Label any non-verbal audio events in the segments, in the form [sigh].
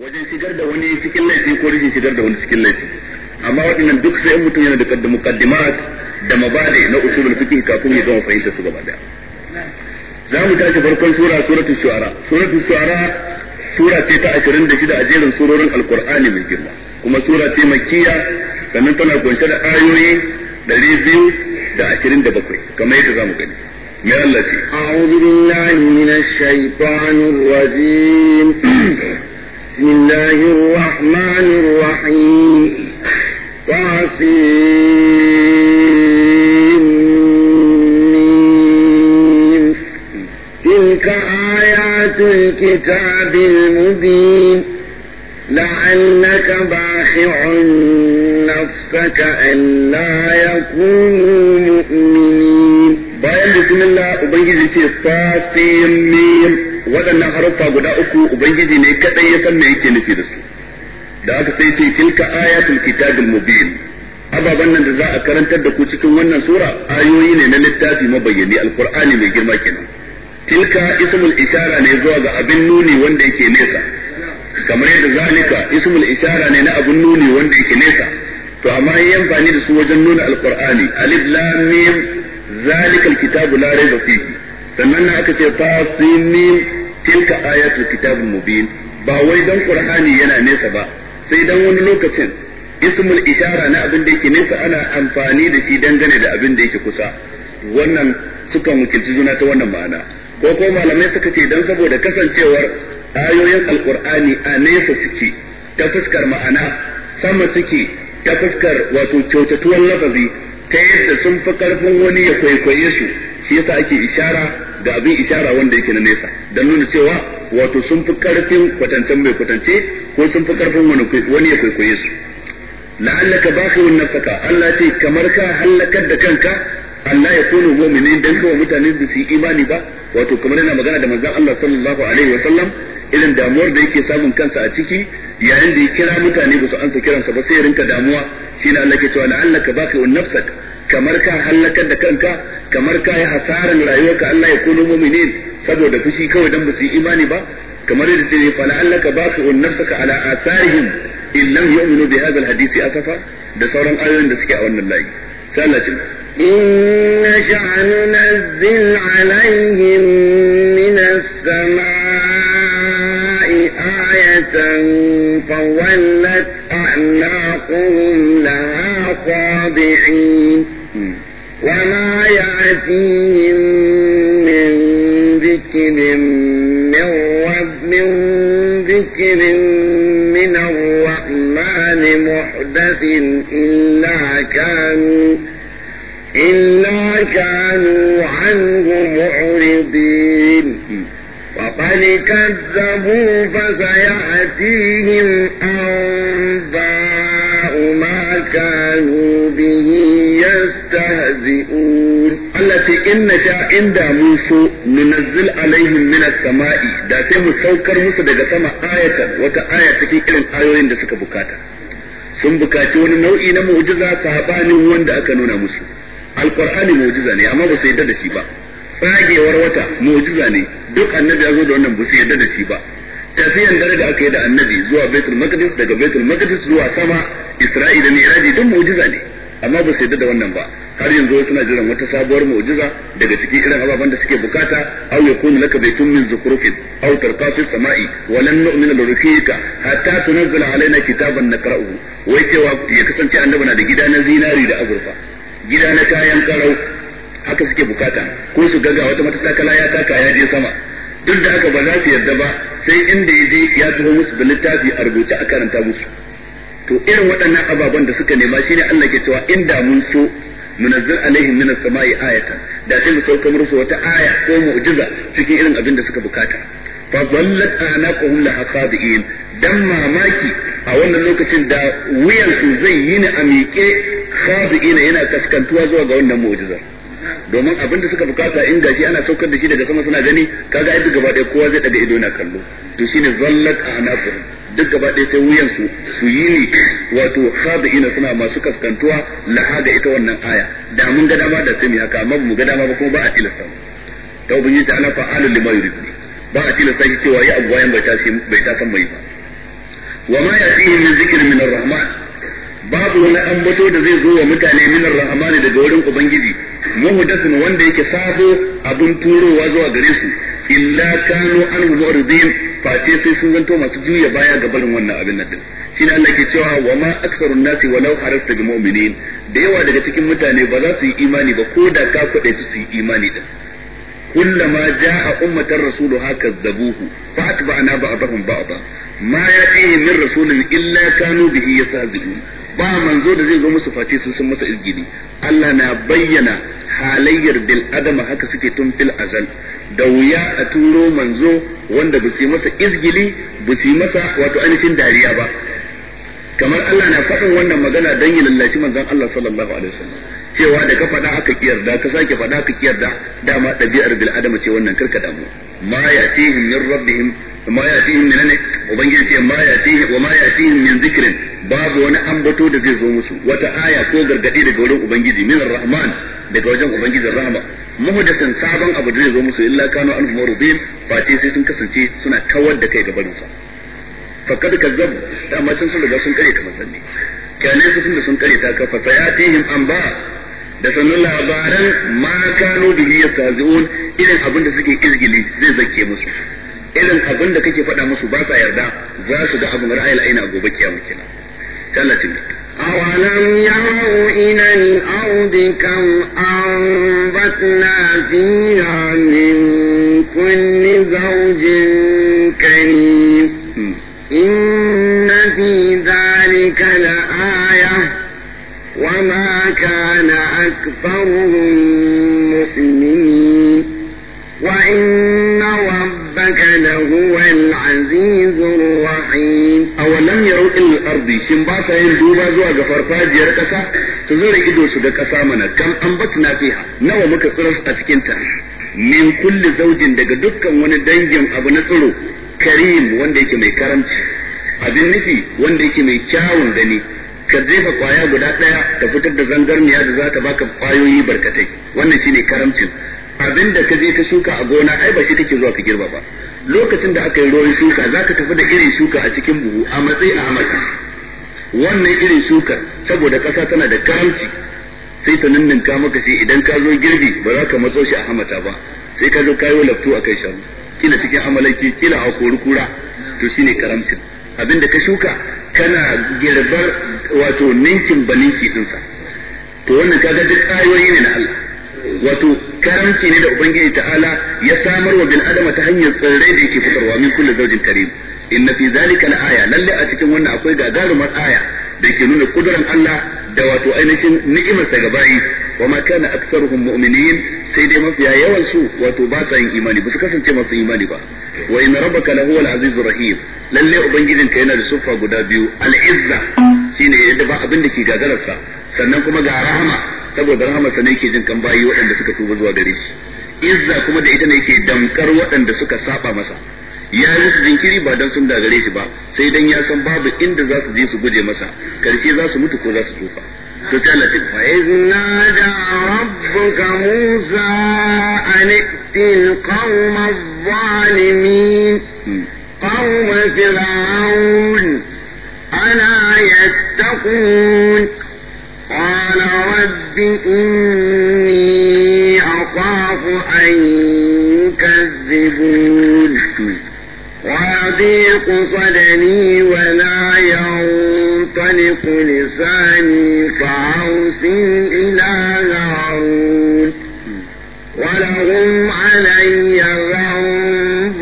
wajen shigar da wani cikin laifi ko rashin shigar da wani cikin laifi amma waɗannan duk sai mutum yana da muqaddimat da mabadi na usulul fiqh kafin ya gama fahimta su gaba daya za mu tashi farkon sura suratul shu'ara suratul shu'ara sura ce ta 26 a jerin surorin alqur'ani mai girma kuma sura ce makkiya sannan tana kunshe da ayoyi 227 kamar yadda za mu gani من التي أعوذ بالله من الشيطان الرجيم بسم الله الرحمن الرحيم تعصيم تلك آيات الكتاب المبين لعلك باخع نفسك ألا يكونوا مؤمنين بسم الله وبيجي في الطاسيم waɗannan haruffa guda uku ubangiji ne kadai ya san me yake nufi da su da aka sai ce tilka ayatul kitabil mubin ababan nan da za a karantar da ku cikin wannan sura ayoyi ne na littafi mabayyani alqur'ani mai girma kenan tilka ismul isara ne zuwa ga abin nuni wanda yake nesa kamar yadda zalika ismul isara ne na abin nuni wanda yake nesa to amma yi amfani da su wajen nuna alqur'ani alif lam mim zalikal kitabu la rayba fihi sannan na aka ce tasimim tilka ayatul kitabul mubin ba wai dan qur'ani yana nesa ba sai dan wani lokacin ismul ishara na abin da yake nesa ana amfani da shi dangane da abin da yake kusa wannan suka wakilci juna ta wannan ma'ana ko ko malamai suka ce dan saboda kasancewar ayoyin alqur'ani a nesa suke ta fuskar ma'ana sama suke ta fuskar wato kyautatuwar lafazi ta yadda sun fi karfin wani ya kwaikwaye su shi yasa ake ishara da abin ishara wanda yake na nesa don nuna cewa wato sun fi karfin kwatancen mai kwatance ko sun fi karfin wani ya kwaikwaye su la'allaka bakhirun nafaka Allah ce kamar ka halakar da kanka Allah ya kono mu'minin dan kawai mutane su yi imani ba wato kamar yana magana da manzon Allah sallallahu alaihi wa sallam irin damuwar da yake samun kansa a ciki yayin da ya kira mutane ba su ansa kiransa ba sai rinka damuwa shine Allah ke cewa la'allaka bakhirun nafaka. kamar ka hallakar da kanka kamar ka yi hasaran ka Allah ya kuno mu'minin saboda fushi kawai dan ba su yi imani ba kamar yadda sai fa la'allaka ba'u nafsaka ala atharihim in lam yu'minu bi hadha al-hadisi asafa da sauran ayoyin da suke a wannan layi sai Allah ya إن شأن ننزل عليهم من السماء آية فولت أعناقهم لها خاضعين وما يأتيهم من ذكر من رب ذكر من الرحمن محدث إلا كانوا إلا كانوا عنه معرضين وقد كذبوا فسيأتيهم أنباء ما كانوا به yastahzi'un Allah ce inna sha inda mun so nunazzil alaihim min as-sama'i da sai mu saukar musu daga sama ayatan wata aya cikin irin ayoyin da suka bukata sun bukaci wani nau'i na mu'jiza sabanin wanda aka nuna musu alqur'ani mu'jiza ne amma ba su yadda da shi ba tsagewar wata mu'jiza ne duk annabi ya zo da wannan ba su yadda da shi ba tafiyan dare da aka yi da annabi zuwa baitul maqdis daga baitul maqdis zuwa sama isra'ila ne iraji duk mu'jiza ne amma ba su yadda da wannan ba har yanzu suna jiran wata sabuwar mu'jiza daga cikin irin ababen da suke bukata aw yakunu laka baytun min zukrufin aw tarqa samai wa lan nu'mina lirukika hatta tunzila alaina kitaban naqra'uhu wai cewa ya kasance annabi na da gida na zinari da azurfa gida na kayan karau haka suke bukata ko su gaga wata matakala ya taka ya je sama duk da haka ba za su yarda ba sai inda ya je ya taho musu da littafi a rubuce a karanta musu to irin waɗannan ababen da suka nema shine Allah ke cewa inda mun so munazzil alaihim minas sama'i ayatan da sai mu sauka musu wata aya ko mu'jiza cikin irin abin da suka bukata fa zallat anaqahum la haqabiin dan mamaki a wannan lokacin da wuyan su zai yi ni a miƙe yana kaskantuwa zuwa ga wannan mujiza domin abin da suka bukata in shi ana saukar da shi daga sama suna gani kaga ai duk gaba ɗaya kowa zai daga ido na kallo to shine zallat ahnafur duk gaba ɗaya sai wuyan su su yi ni wato ina suna masu kaskantuwa la hada ita wannan aya da mun ga dama da sai haka amma mu ga dama ba kuma ba a tilasta ta yi ta ala fa'alu lima yurid ba a tilasta shi cewa ya abu bayan bai ta san mai ba wa ma fi min zikrin min ar-rahman babu wani ambato da zai zo wa mutane min rahmani daga wurin ubangiji muhdathin wanda yake sabo abun turowa zuwa gare su illa kanu an muridin face sai sun ganto masu juya baya ga barin wannan abin nan din shi ne Allah ke cewa wa ma aktharun nasi walau harasta bi mu'minin da yawa daga cikin mutane ba za su yi imani ba ko da ka kwade su yi imani din ummatar جاء haka zabuhu fa atba'na ba'dahum بعضا ma yati min رسول illa kanu bihi يستهزئون ba manzo da zai zo musu face sun san masa izgili Allah na bayyana halayyar bil adama haka suke tun fil azal da wuya a turo manzo wanda ba su masa izgili ba su masa wato ainihin dariya ba kamar Allah na faɗin wannan magana don yi lallaci manzon Allah sallallahu alaihi wasallam cewa da ka faɗa aka kiyarda ka sake faɗa aka kiyarda dama ɗabi'ar bil adama ce wannan karka damu ma yatihim min rabbihim ma yatihim min ne ubangiji ce ma yatihim wa ma yatihim min zikrin babu wani ambato da zai zo musu wata aya ko gargadi daga wurin ubangiji min rahman daga wajen ubangiji rahma muhdathan sabon abu da zai zo musu illa kanu an murubin fati sai sun kasance suna kawar da kai gaban sa fakad kazzabu dama can sun riga sun kare kamar sanne kyale su sun da sun kare ta ka fa sayatihim an ba da sannan labaran ma kanu bihi yastazi'un irin abin da suke izgili zai zake musu irin abin da kake faɗa musu ba sa yarda za su ga abin ra'ayil aina gobe kiyama kenan talatin أولم يروا إلى الأرض كم أنبتنا فيها من كل زوج كريم إن في ذلك لآية وما كان أكثرهم مسلمين وإن ربك لهو العزيز الرحيم أولم يروا إلى الأرض شنباتا يندوبا زوا غفرتا جيركسا تزور إدو سدى كسامنا كم أنبتنا فيها نوى مكسرس أتكنتا من كل زوج دك دكا دنجم أبو نصر كريم وندك مي كرمت abin nufi wanda yake mai kyawun gani ka jefa kwaya guda ɗaya ta fitar da zangarniya da za ta baka kwayoyi barkatai wannan shine karamcin abin da ka je shuka a gona ai ba shi take zuwa ka girba ba lokacin da aka yi ruwan shuka za ka tafi da irin shuka a cikin buhu a matsayi a hamata wannan irin shuka saboda ƙasa tana da karamci sai ta ninninka maka shi idan ka zo girbi ba za ka matso shi a hamata ba sai ka zo kayo laftu a kai shanu cikin amalaki kila a kori kura to shine karamcin abin da ka shuka kana girbar wato ninkin ba dinsa to wannan kaga duk ayoyi ne na Allah wato karamci ne da ubangiji ta'ala ya samar wa bil adama ta hanyar tsirrai da yake fitarwa min kulli zawjin karim inna fi zalika al-aya lalle a cikin wannan akwai gagarumar aya da ke nuna kudurar Allah da wato ainihin ni'imar sa gabayi wa ma kana aktsaruhum mu'minin sai dai mafiya yawan su wato ba sa yin imani ba su kasance masu imani ba wa inna rabbaka lahu al-azizur rahim lalle ka yana da siffa guda biyu al-izza shine yadda ba abin da ke gagararsa sannan kuma ga rahama saboda rahamarsa ne yake jin kan bayi waɗanda suka tuba zuwa gare shi izza kuma da ita ne yake damkar waɗanda suka saba masa ya yi su jinkiri ba don sun dagare shi ba sai dan ya san babu inda za su je su guje masa karshe za su mutu ko za su tofa to ta lati fa izna da rabbuka musa an ittil qawm zalimin hmm. qawm fir'aun ana yattaqun qala rabbi inni akhafu an yukazzibun وَيَضِيقُ صَدْرِي وَلَا ينطلق لِسَانِي فأرسل إلى هارون وَلَهُمْ عَلَيَّ ذنب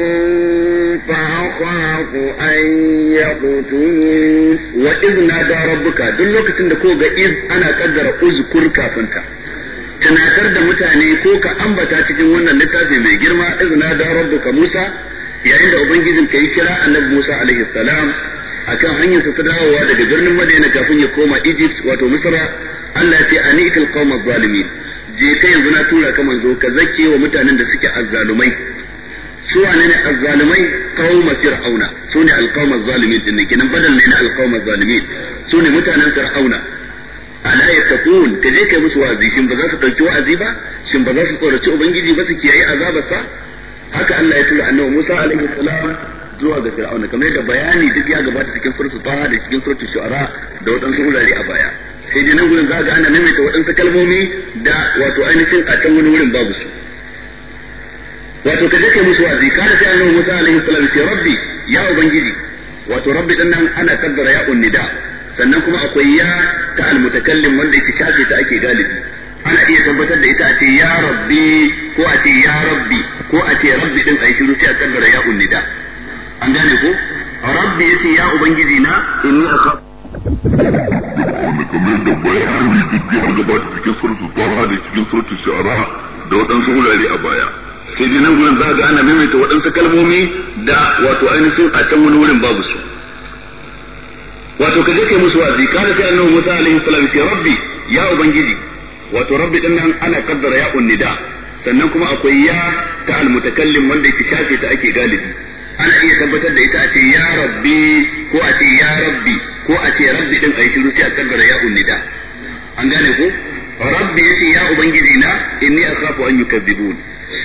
فَأَخَافُ أن يقتلون وَإِذْ نادى رَبُّكَ دلوك تندكوغ إذ أنا قدر أذكر كافنتا tunatar da mutane ko ka ambata cikin wannan littafi mai girma izna da rabbuka Musa yayin da ubangijin ka yi kira annabi Musa alaihi salam akan hanyar sa ta dawowa daga birnin Madina kafin ya koma Egypt wato Misra Allah ya ce anikal qauma zalimin je kai yanzu na tura ka manzo ka zake wa mutanen da suke azzalumai su wane ne azzalumai qauma fir'auna sune alqauma zalimin din kenan badal ne na alqauma zalimin sune mutanen fir'auna ala yattaqun ka je kai musu wazi, shin ba za su dauki wa'azi ba shin ba za su tsoraci ubangiji ba su kiyaye azabarsa haka Allah ya tura annabi Musa alaihi salam zuwa ga Fir'auna kamar yadda bayani duk ya gabata cikin suratul Taha da cikin suratul Shu'ara da waɗansu wurare a baya sai dai nan gurin za ga ana maimaita waɗansu kalmomi da wato ainihin a can wani wurin babu su wato ka jake musu wazi kada sai annabi Musa alaihi salam ce rabbi ya ubangiji wato rabbi din nan ana kaddara ya unnida sannan kuma akwai ya ta almutakallim wanda yake shafe ta ake galibi ana iya tabbatar da ita a ce ya rabbi ko a ce ya rabbi ko a ce rabbi din ai shiru sai a kaddara ya unnida an gane ko rabbi yace ya ubangiji na inni akhaf wanda kamar da bayani duk ya gabata cikin suratul tara da cikin suratul shu'ara da waɗansu wurare a baya sai dai nan gurin za ga ana maimaita waɗansu kalmomi da wato ainihin a can wani wurin babu su wato ka je kai musu wazi kana sai annabi Musa alaihi salam ya rabbi ya ubangiji wato rabbi din nan ana kaddara ya unnida sannan kuma akwai ya ta almutakallim wanda yake shafe ta ake galibi ana iya tabbatar da ita a ce ya rabbi ko a ce ya rabbi ko a ce rabbi din a yi shiru sai a kaddara ya unnida an gane ku? rabbi yace ya ubangiji na inni akhafu an yukazzibun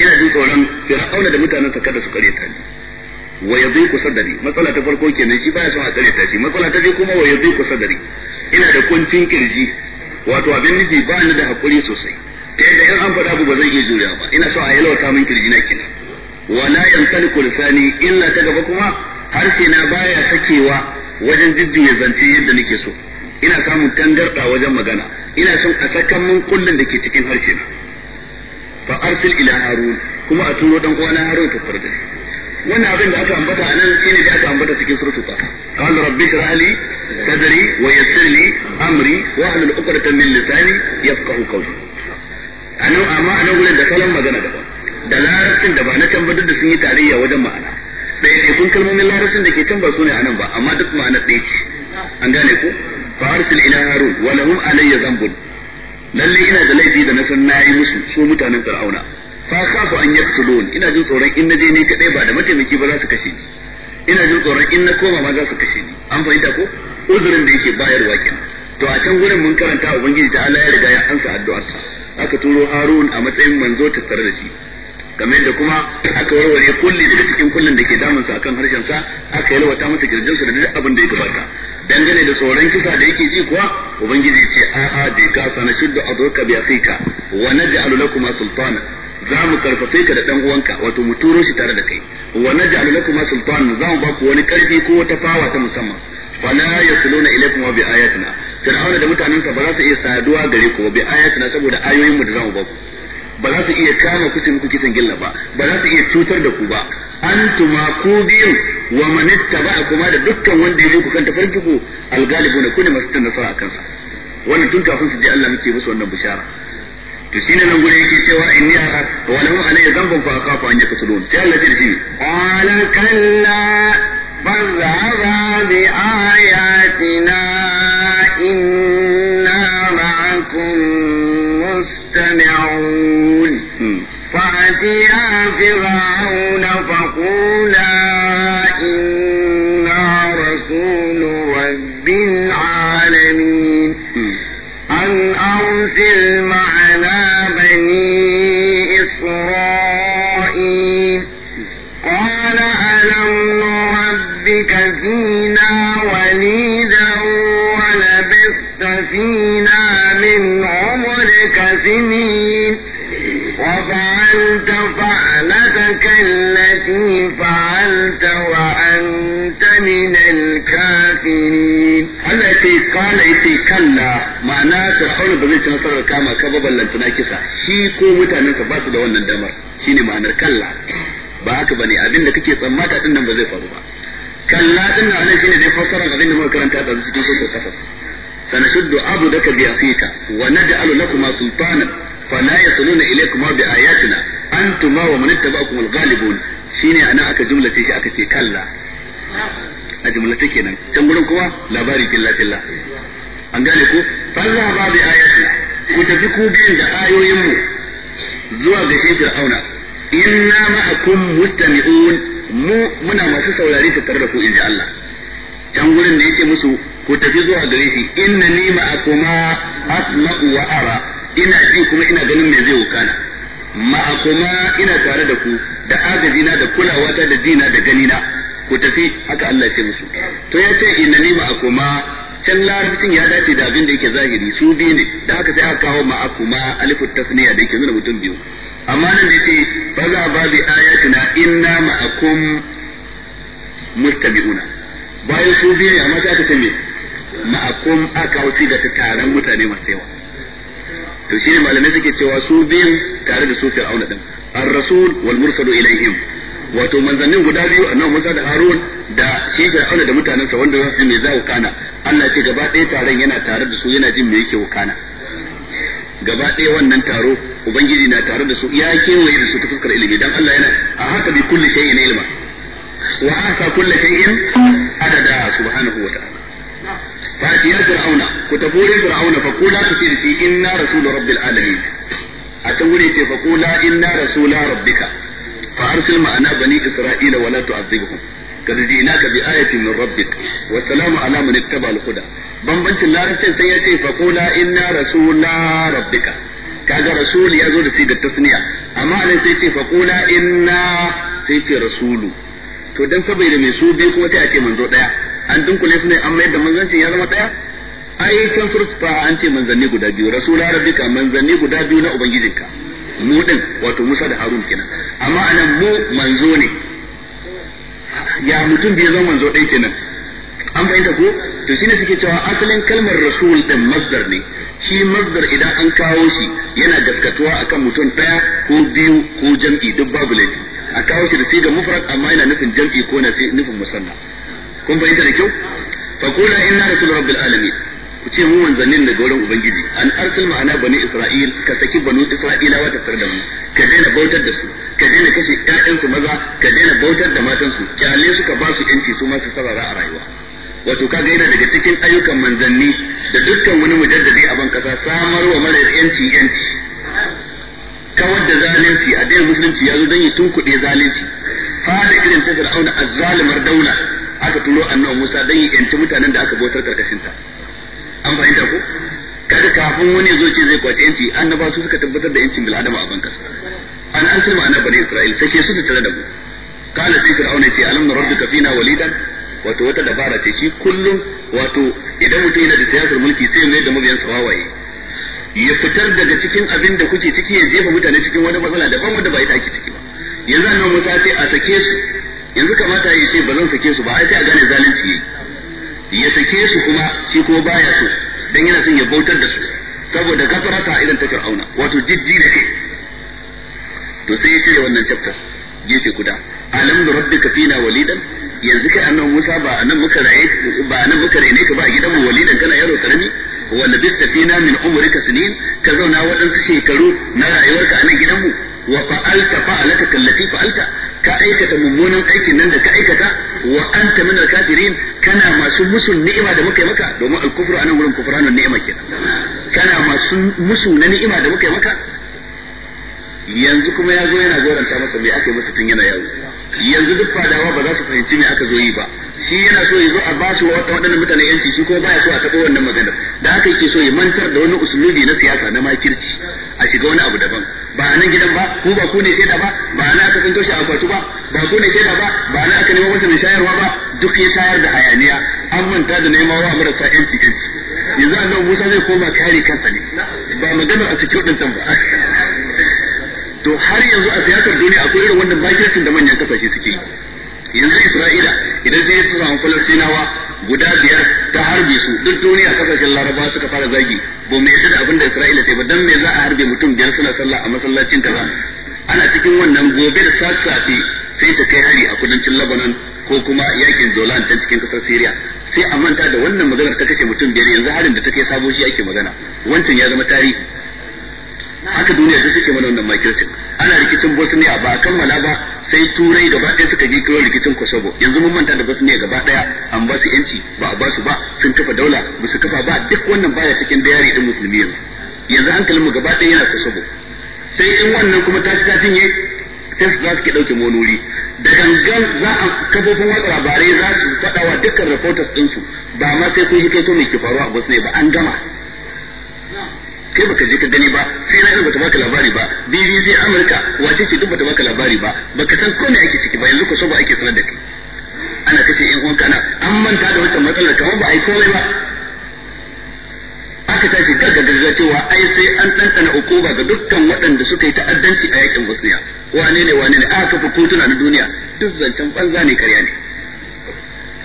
ina jin tsoron fir'auna da mutanen sa kada su kare ta ni wa yadhiqu sadri matsala ta farko kenan shi baya son a kare ta shi matsala ta biyu kuma wa yadhiqu sadri ina da kuncin kirji wato abin nufi ba ni da hakuri sosai ta yadda in an faɗa ku ba zan iya juriya ba ina so a yalwata min kirjina kenan wala yantaliku lisani illa ta gaba kuma harshe na baya sakewa wajen jijjiye zance yadda nake so ina samun tangarda wajen magana ina son a sakan mun kullun da ke cikin harshe na fa arsil ila harun kuma a turo dan uwana harun ta farda wannan abin da aka ambata nan shine da aka ambata cikin suratul fatiha qala rabbi shrah li sadri wa yassir li amri wa ahlul 'uqdatan min lisani yafqahu qawli anan amma anan gurin da salon magana da da larabcin da ba na can da sun yi tarayya wajen ma'ana ɗaya ne kun kalmomin larabcin da ke can ba su ne anan ba amma duk ma'anar ɗaya ce an gane ku. fa arsil ila harun wa lahum alayya dhanbun lalle ina da laifi da na san na yi musu su mutanen fir'auna fa khafu an yaqtulun ina jin tsoron in naje ni kadai ba da mataimaki ba za su kashe ni ina jin tsoron in na koma ma za su kashe ni an fahimta ko uzurin da yake bayarwa kenan to a can gurin mun karanta ubangiji ta Allah ya riga ya ansa addu'arsa aka turo Harun a matsayin manzo tattare da shi kamar da kuma aka warware kulli daga cikin kullun da ke damun sa akan harshen sa aka yalwata masa girjinsa da duk abin da ya gabata dangane da tsoron kisa da yake ji kuwa ubangiji ce a'a bai ka sana shiddu adruka bi asika wa naj'alu lakuma sultana za mu karfafe ka da dan uwanka wato mu turo shi tare da kai wa naj'alu lakum sultan za mu ba ku wani karfi ko wata fawa ta musamman wa la yasluna ilaykum wa bi ayatina fir'auna da mutanensa ba za su iya saduwa gare ku bi ayatina saboda ayoyin mu da za mu ba ku ba za su iya kama ku muku kitan gilla ba ba za su iya cutar da ku ba antuma ku biyu wa man kuma da dukkan wanda ya ku kan tafarki algalibuna kuni masu nasara akan sa wannan tun kafin su je Allah muke musu wannan bishara to shine nan gure yake cewa inni wa lahu alayya dhanbun fa aqafu an yaqtulun sai Allah ya ji qala kalla bal dhaba bi ayatina inna ma'akum mustami'un فأتيا فرعون فقول فينا من عمرك سنين وفعلت فعلتك التي فعلت وأنت من الكافرين التي قال إتي كلا معناه فرحون بذلك نصر الكامة كبابا لن تناكسا شيكو متى فاسد دوانا الدمر شيني معنى كلا باك بني bane لك كي صمات tsammata din nan ba zai faru ba kalla din nan shine dai fassarar abin sanashuddu abu bi asika wa naj'alu lakuma sultanan fala yasluna ilaykuma bi ayatina antuma wa man ittaba'akum al-ghalibun shine ana aka jumlace shi aka kalla a jumlace kenan can gurin kuma labari filla filla an gane ku falla ba bi ayatina ku tafi ku da ayoyin mu zuwa ga inna ma'akum mustami'un mu muna masu saurare tare da ku inji Allah can gurin da yake musu ku tafi zuwa gare shi inna ni akuma asma'u wa ara ina ji kuma ina ganin me zai ma akuma ina tare da ku da agajina da kulawata da jina da ganina ku tafi haka Allah ya ce musu to ya ce inna ni akuma can larabcin ya dace da abin da yake zahiri su biyu ne da haka sai aka kawo akuma alifu tasniya da yake nuna mutum biyu amma nan da ce ba za ba bi ayatina inna akum mustabi'una bayan su biyu ne amma sai aka ce me ma'akum aka wuce da taron mutane masu yawa to shine malamai suke cewa su biyun tare da su fir'auna din ar-rasul wal mursalu ilaihim wato manzannin guda biyu annabi Musa da Harun da shi auna da sa wanda zai su zai me za kana Allah ce gaba ɗaya taron yana tare da su yana jin me yake wukana gaba ɗaya wannan taro ubangiji na tare da su ya kewaye da su ta fuskar ilimi dan Allah yana a haka bi kulli shay'in ilma wa aka kulli shay'in adada subhanahu wa ta'ala فاتيا فرعون كتبوا فرعون فقولا تسيرتي إنا رسول رب العالمين أتولي فقولا إنا رسول ربك فأرسل معنا بني إسرائيل ولا تعذبهم قد جئناك بآية من ربك والسلام على من اتبع الهدى بمبنش اللارسل سيأتي فقولا إنا رسول ربك kaga rasul ya zo da sai da tasniya amma alai sai ce faqula inna sai ce rasulu to dan saboda mai su biyu kuma sai a ce manzo daya an dunkule su ne an mayar da manzanci ya zama daya ai kan surfa an ce manzanni guda biyu rasula rabbika manzanni guda biyu na ubangijinka mu din wato Musa da Harun kenan amma anan mu manzo ne ya mutum bai zama manzo ɗaya kenan an fahimta ko to shine suke cewa asalin kalmar rasul din masdar ne shi masdar idan an kawo shi yana gaskatuwa akan mutum ɗaya ko biyu ko jam'i duk babu laifi a kawo shi da siga mufrad amma yana nufin jam'i ko nufin musanna kun bayyana da kyau fa qula inna rasul rabbil alamin ku ce mu manzannin daga wurin ubangiji an arsal ma'ana bani isra'il ka saki bani isra'ilawa ta tare mu ka daina bautar da su ka daina kashe ƴaƴan su maza ka daina bautar da matan su kyale su ka ba su yanci su ma su sabara a rayuwa wato kaga yana daga cikin ayyukan manzanni da dukkan wani mujaddadi a ban kasa samarwa mara yanci yanci kawar da zalunci a dai musulunci ya dan yi tunkuɗe zalunci fada irin ta fir'auna azzalimar daula aka turo annabi Musa dan ya yanci mutanen da aka bautar karkashin ta an fahimta ko Kada kafin wani zo ce zai kwace yanci annaba su suka tabbatar da yancin bil'adama a bankas. an an sirma ana bani Isra'il take su da tare da mu kana sai fir'auna ce alam rabbika fina walidan wato wata dabara ce shi kullum wato idan mutum yana da siyasar mulki sai mai da mabiyansa wawaye ya fitar daga cikin abin da kuke ciki ya jefa mutane cikin wani matsala daban wanda ba ita ake ciki ba yanzu annabi Musa sai a sake su yanzu kamata ya ce ba zan sake su ba ai sai a gane zalunci yayi ya sake su kuma shi kuma baya so dan yana son ya bautar da su saboda gafarata irin ta fir'auna wato jiddi da kai to sai ya ce wannan chapter gefe guda alam da rabbika fina walidan yanzu kai annabi Musa ba anan muka raye ba anan muka raine ka ba gidan mu walidan kana yaro karami wa labista fina min umrika sinin ka zauna waɗansu shekaru na rayuwarka anan gidan mu wa fa'alta fa'alaka kallati fa'alta ka aikata mummunan aikin nan da ka aikata wa anta min al-kafirin kana masu musu ni'ima da muka yi maka domin al-kufru anan gurin kufranun ni'ima kenan kana masu musu na ni'ima da muka yi maka yanzu kuma ya zo yana goranta masa me aka yi masa tun yana yawo yanzu duk fadawa ba za su fahimci me aka zo yi ba shi yana so ya zo a ba su waɗannan mutane yanci shi kuma baya so a taɓa wannan magana da haka yake so ya mantar da wani usulubi na siyasa na makirci a shiga wani abu daban ba a nan gidan ba ko ba ku ne da ba ba a nan aka tsinto shi a kwatu ba ba ku ne da ba ba a nan aka nemo masa mai shayarwa ba duk ya tayar da hayaniya an manta da nema wa marasa yanci yanci yanzu Allah Musa zai koma kare kansa ne ba maganar a cikin din ba to har yanzu a siyasar duniya akwai irin wannan bakircin da manyan kasashe suke yi yanzu Isra'ila idan zai yi tsoron Falastinawa guda biyar ta harbe su duk duniya kasashen laraba suka fara zagi ba mai yadda da abin da isra'ila ta yi ba dan me za a harbe mutum biyar suna sallah a masallacin kaza ana cikin wannan gobe da sassafe sai ta kai hari a kudancin labanan ko kuma yakin jolan ta cikin kasar syria sai a manta da wannan maganar ta kashe mutum biyar yanzu harin da ta kai sabo shi ake magana wancan ya zama tarihi haka duniya ta suke mana wannan makircin ana rikicin bosniya ba a kammala ba sai turai gaba ɗaya suka ji kiro rikicin kosovo yanzu mun manta da bosniya gaba ɗaya an ba su yanci ba a ba su ba sun kafa daula ba su kafa ba duk wannan baya cikin dayari din musulmi yanzu yanzu hankalin mu gaba ɗaya yana kosovo sai in wannan kuma ta ta cinye sai su za su ke ɗauke monori da gangan za a kafofin watsa labarai za su faɗa wa dukkan reporters ɗinsu ba ma sai kun hikaito mai ke faruwa a bosniya ba an gama kai baka je ka gani ba sai na ta baka labari ba BBC Amurka wace ce duk ta baka labari ba baka san ne ake ciki ba yanzu ko so ba ake sanar da kai ana kace in uwan kana an manta da wata matsalar kamar ba ai komai ba aka tashi gargajiya cewa ai sai an ɗanɗana hukuma ga dukkan waɗanda suka yi ta'addanci a yakin Bosnia wane ne wane ne aka fi kotuna na duniya duk zancen banza ne karya ne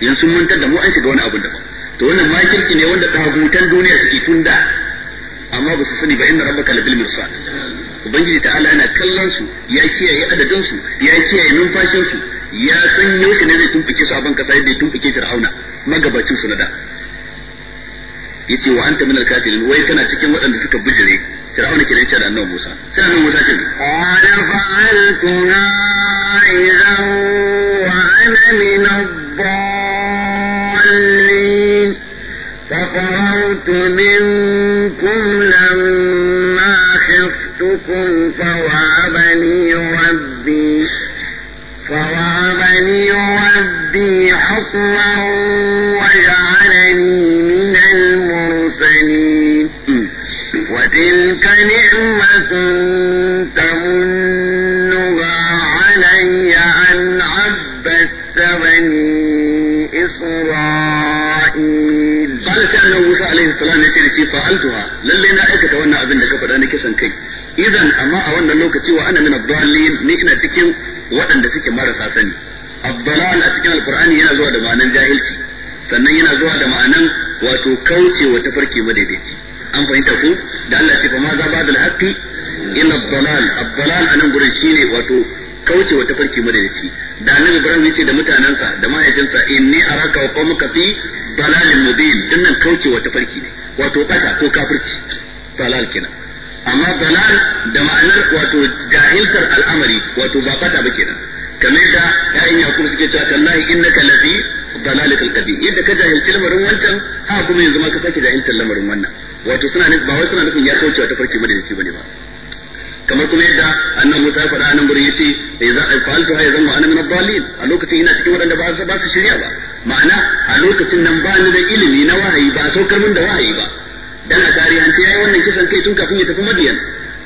yanzu mun da mu an shiga wani abu daban to wannan makirki ne wanda ɗagutan duniya suke tun da amma ba su sani ba inna rabbaka labil mirsad ubangiji ta'ala yana kallon su ya kiyaye adadin su ya kiyaye numfashin su ya san yaushe ne zai tumbuke su a ban kasa yadda ya tumbuke fir'auna magabacin su na da yace wa anta min al-kafirin wai kana cikin waɗanda suka bijire fir'auna kenan ce da annabi Musa sai annabi Musa ce qala fa'altuna idan wa ana min ad-dallin fa كنت منكم لما خفتكم فوهبني ربي فوهبني ربي حكما وجعلني من المرسلين وتلك نعمة salam yace da shi fa'altuha lalle na aikata wannan abin da ka faɗa na kisan kai idan amma a wannan lokaci wa ana min ad-dallin ina cikin waɗanda suke marasa sani ad a cikin alqur'ani yana zuwa da ma'anan jahilci sannan yana zuwa da ma'anan wato kauce wa tafarki madaidaici an fahimta ko da Allah ya ce fa ma za ba da al-haqqi illa ad-dallal anan gurin shine wato kauce wa tafarki madadaci da annabi ibrahim yace da mutanansa da mahaifinsa inni araka wa qawmuka fi dalalin mubin dinnan kauce wa tafarki ne wato bata ko kafirci dalal kenan amma dalal da ma'anar wato jahiltar al'amari wato ba bata ba kenan kamar da ya'yan yakub suke cewa tallahi innaka lafi dalalikal qadim yadda ka jahilci lamarin wancan ha kuma yanzu ma ka sake jahiltar lamarin wannan wato suna ba wai suna nufin ya kauce wa tafarki madadaci bane ba kamar kuma yadda annabi Musa faɗa faɗa nan gurin yace idza afaltu hay zamma ana min ad a lokacin ina cikin wadanda ba su ba su shirya ba ma'ana a lokacin nan ba ni da ilimi na wahayi ba saukar min da wahayi ba dan a tarihanci yayi wannan kisan kai tun kafin ya tafi Madiyan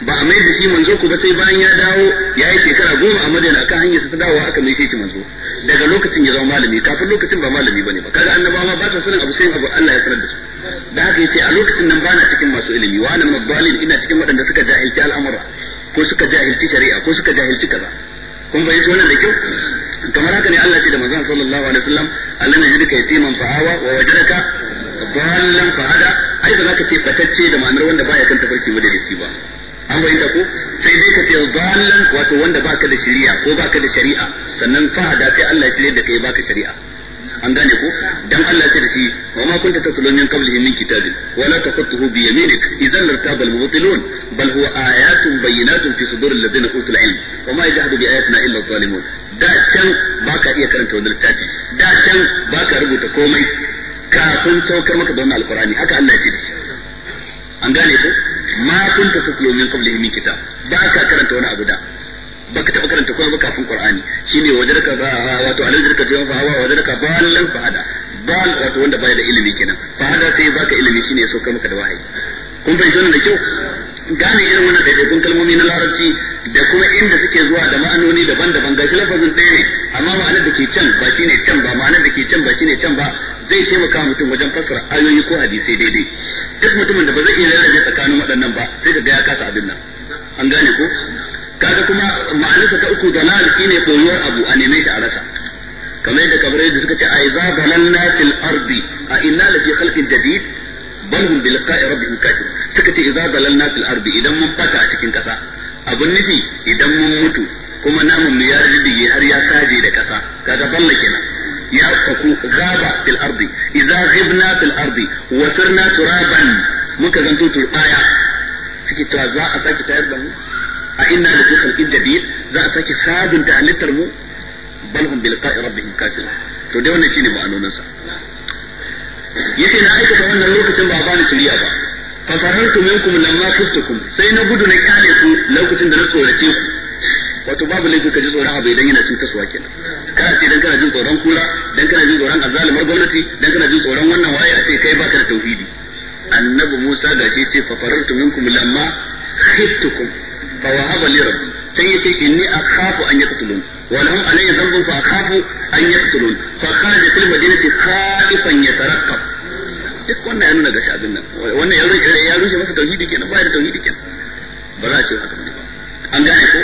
ba a mai da shi manzo ku ba sai bayan ya dawo ya yi shekara goma a Madiyan akan hanyar ta dawo aka mai shi manzo daga lokacin ya zama malami kafin lokacin ba malami bane ba kaga annabawa ba ta sanin abu sai abu Allah ya sanar da su da haka yace a lokacin nan bana cikin masu ilimi wa ana mabbalin ina cikin waɗanda suka jahilci al'amura ko suka jahilci shari'a ko suka jahilci kaza kun bai so da kyau kamar haka ne Allah ce da manzon sallallahu alaihi wasallam Allah ne yadda kai timan fa'awa wa wajadaka dallan fa'ada ai ba za ka ce fatacce da ma'anar wanda baya kan tafarki madadaci ba an bai da ko sai dai ka ce dallan wato wanda baka da shari'a ko baka da shari'a sannan fa fa'ada sai Allah ya shirye da kai baka shari'a an gane ko dan Allah ce da wa ma kunta tatlu min qablihi min kitabin wa la taqtuhu bi yaminik idan lartabal mubtilun bal huwa ayatun bayyinatun fi sudur alladhina utul ilm wa ma yajhadu bi ayatina illa zalimun da can baka iya karanta wannan littafi da can baka rubuta komai kafin saukar maka da wannan alqur'ani haka Allah ya ce an gane ko ma kunta tatlu min qablihi min kitab ba ka karanta wani abu da baka taɓa karanta kuma ba kafin Qur'ani shine wajarka ba wato jirka jiyan fa hawa wajarka ba lallan fahada ba wato wanda baya da ilimi kenan fahada sai baka ilimi shine so kai maka da wahayi kun bai wannan da kyau gane irin wannan daidaikun kalmomi na larabci da kuma inda suke zuwa da ma'anoni daban-daban gashi lafazin ɗaya ne amma ma'anar da ke can ba shine can ba ma'anar da ke can ba shine can ba zai taimaka mutum wajen fassara ayoyi ko hadisai daidai duk mutumin da ba zai iya lalace tsakanin waɗannan ba sai ka ga ya kasa abin nan an gane ko kaga kuma ma'anarsa ta uku dalal shine koyuwar abu a neme shi a rasa kamar yadda kabarai da suka ce a idza dalalna fil ardi a inna lafi khalqin jadid bal hum bi liqa'i rabbihim kafir suka ce idza dalalna fil ardi idan mun fata a cikin kasa abun nufi idan mun mutu kuma namun ya riddige har ya saje da kasa kaga balla kenan ya faku gaba fil ardi idza ghibna fil ardi wa sirna turaban muka zanto turbaya suke cewa za a sake tayar da mu a inna da fi khalqin jadid za a sake sabunta halittar mu balhum bil bi rabbihim kafirun to dai wannan shine ma'anonin sa yace na aika da wannan lokacin ba bani shiriya ba fa farartu minkum lamma kuntukum sai na gudu na kare ku lokacin da na tsorace ku wato babu laifin ka ji tsoron abu idan yana kasuwa kenan kana ce dan kana jin tsoron kula dan kana jin tsoron azzalimar gwamnati dan kana jin tsoron wannan waya sai ce kai baka da tauhidi annabi Musa da shi ce fa farartu minkum lamma khiftukum fa wahaba li duk wannan ya nuna gashi abin nan wannan ya rushe masa tauhidi kenan ba da tauhidi kenan ba za a ce haka ba an gane ko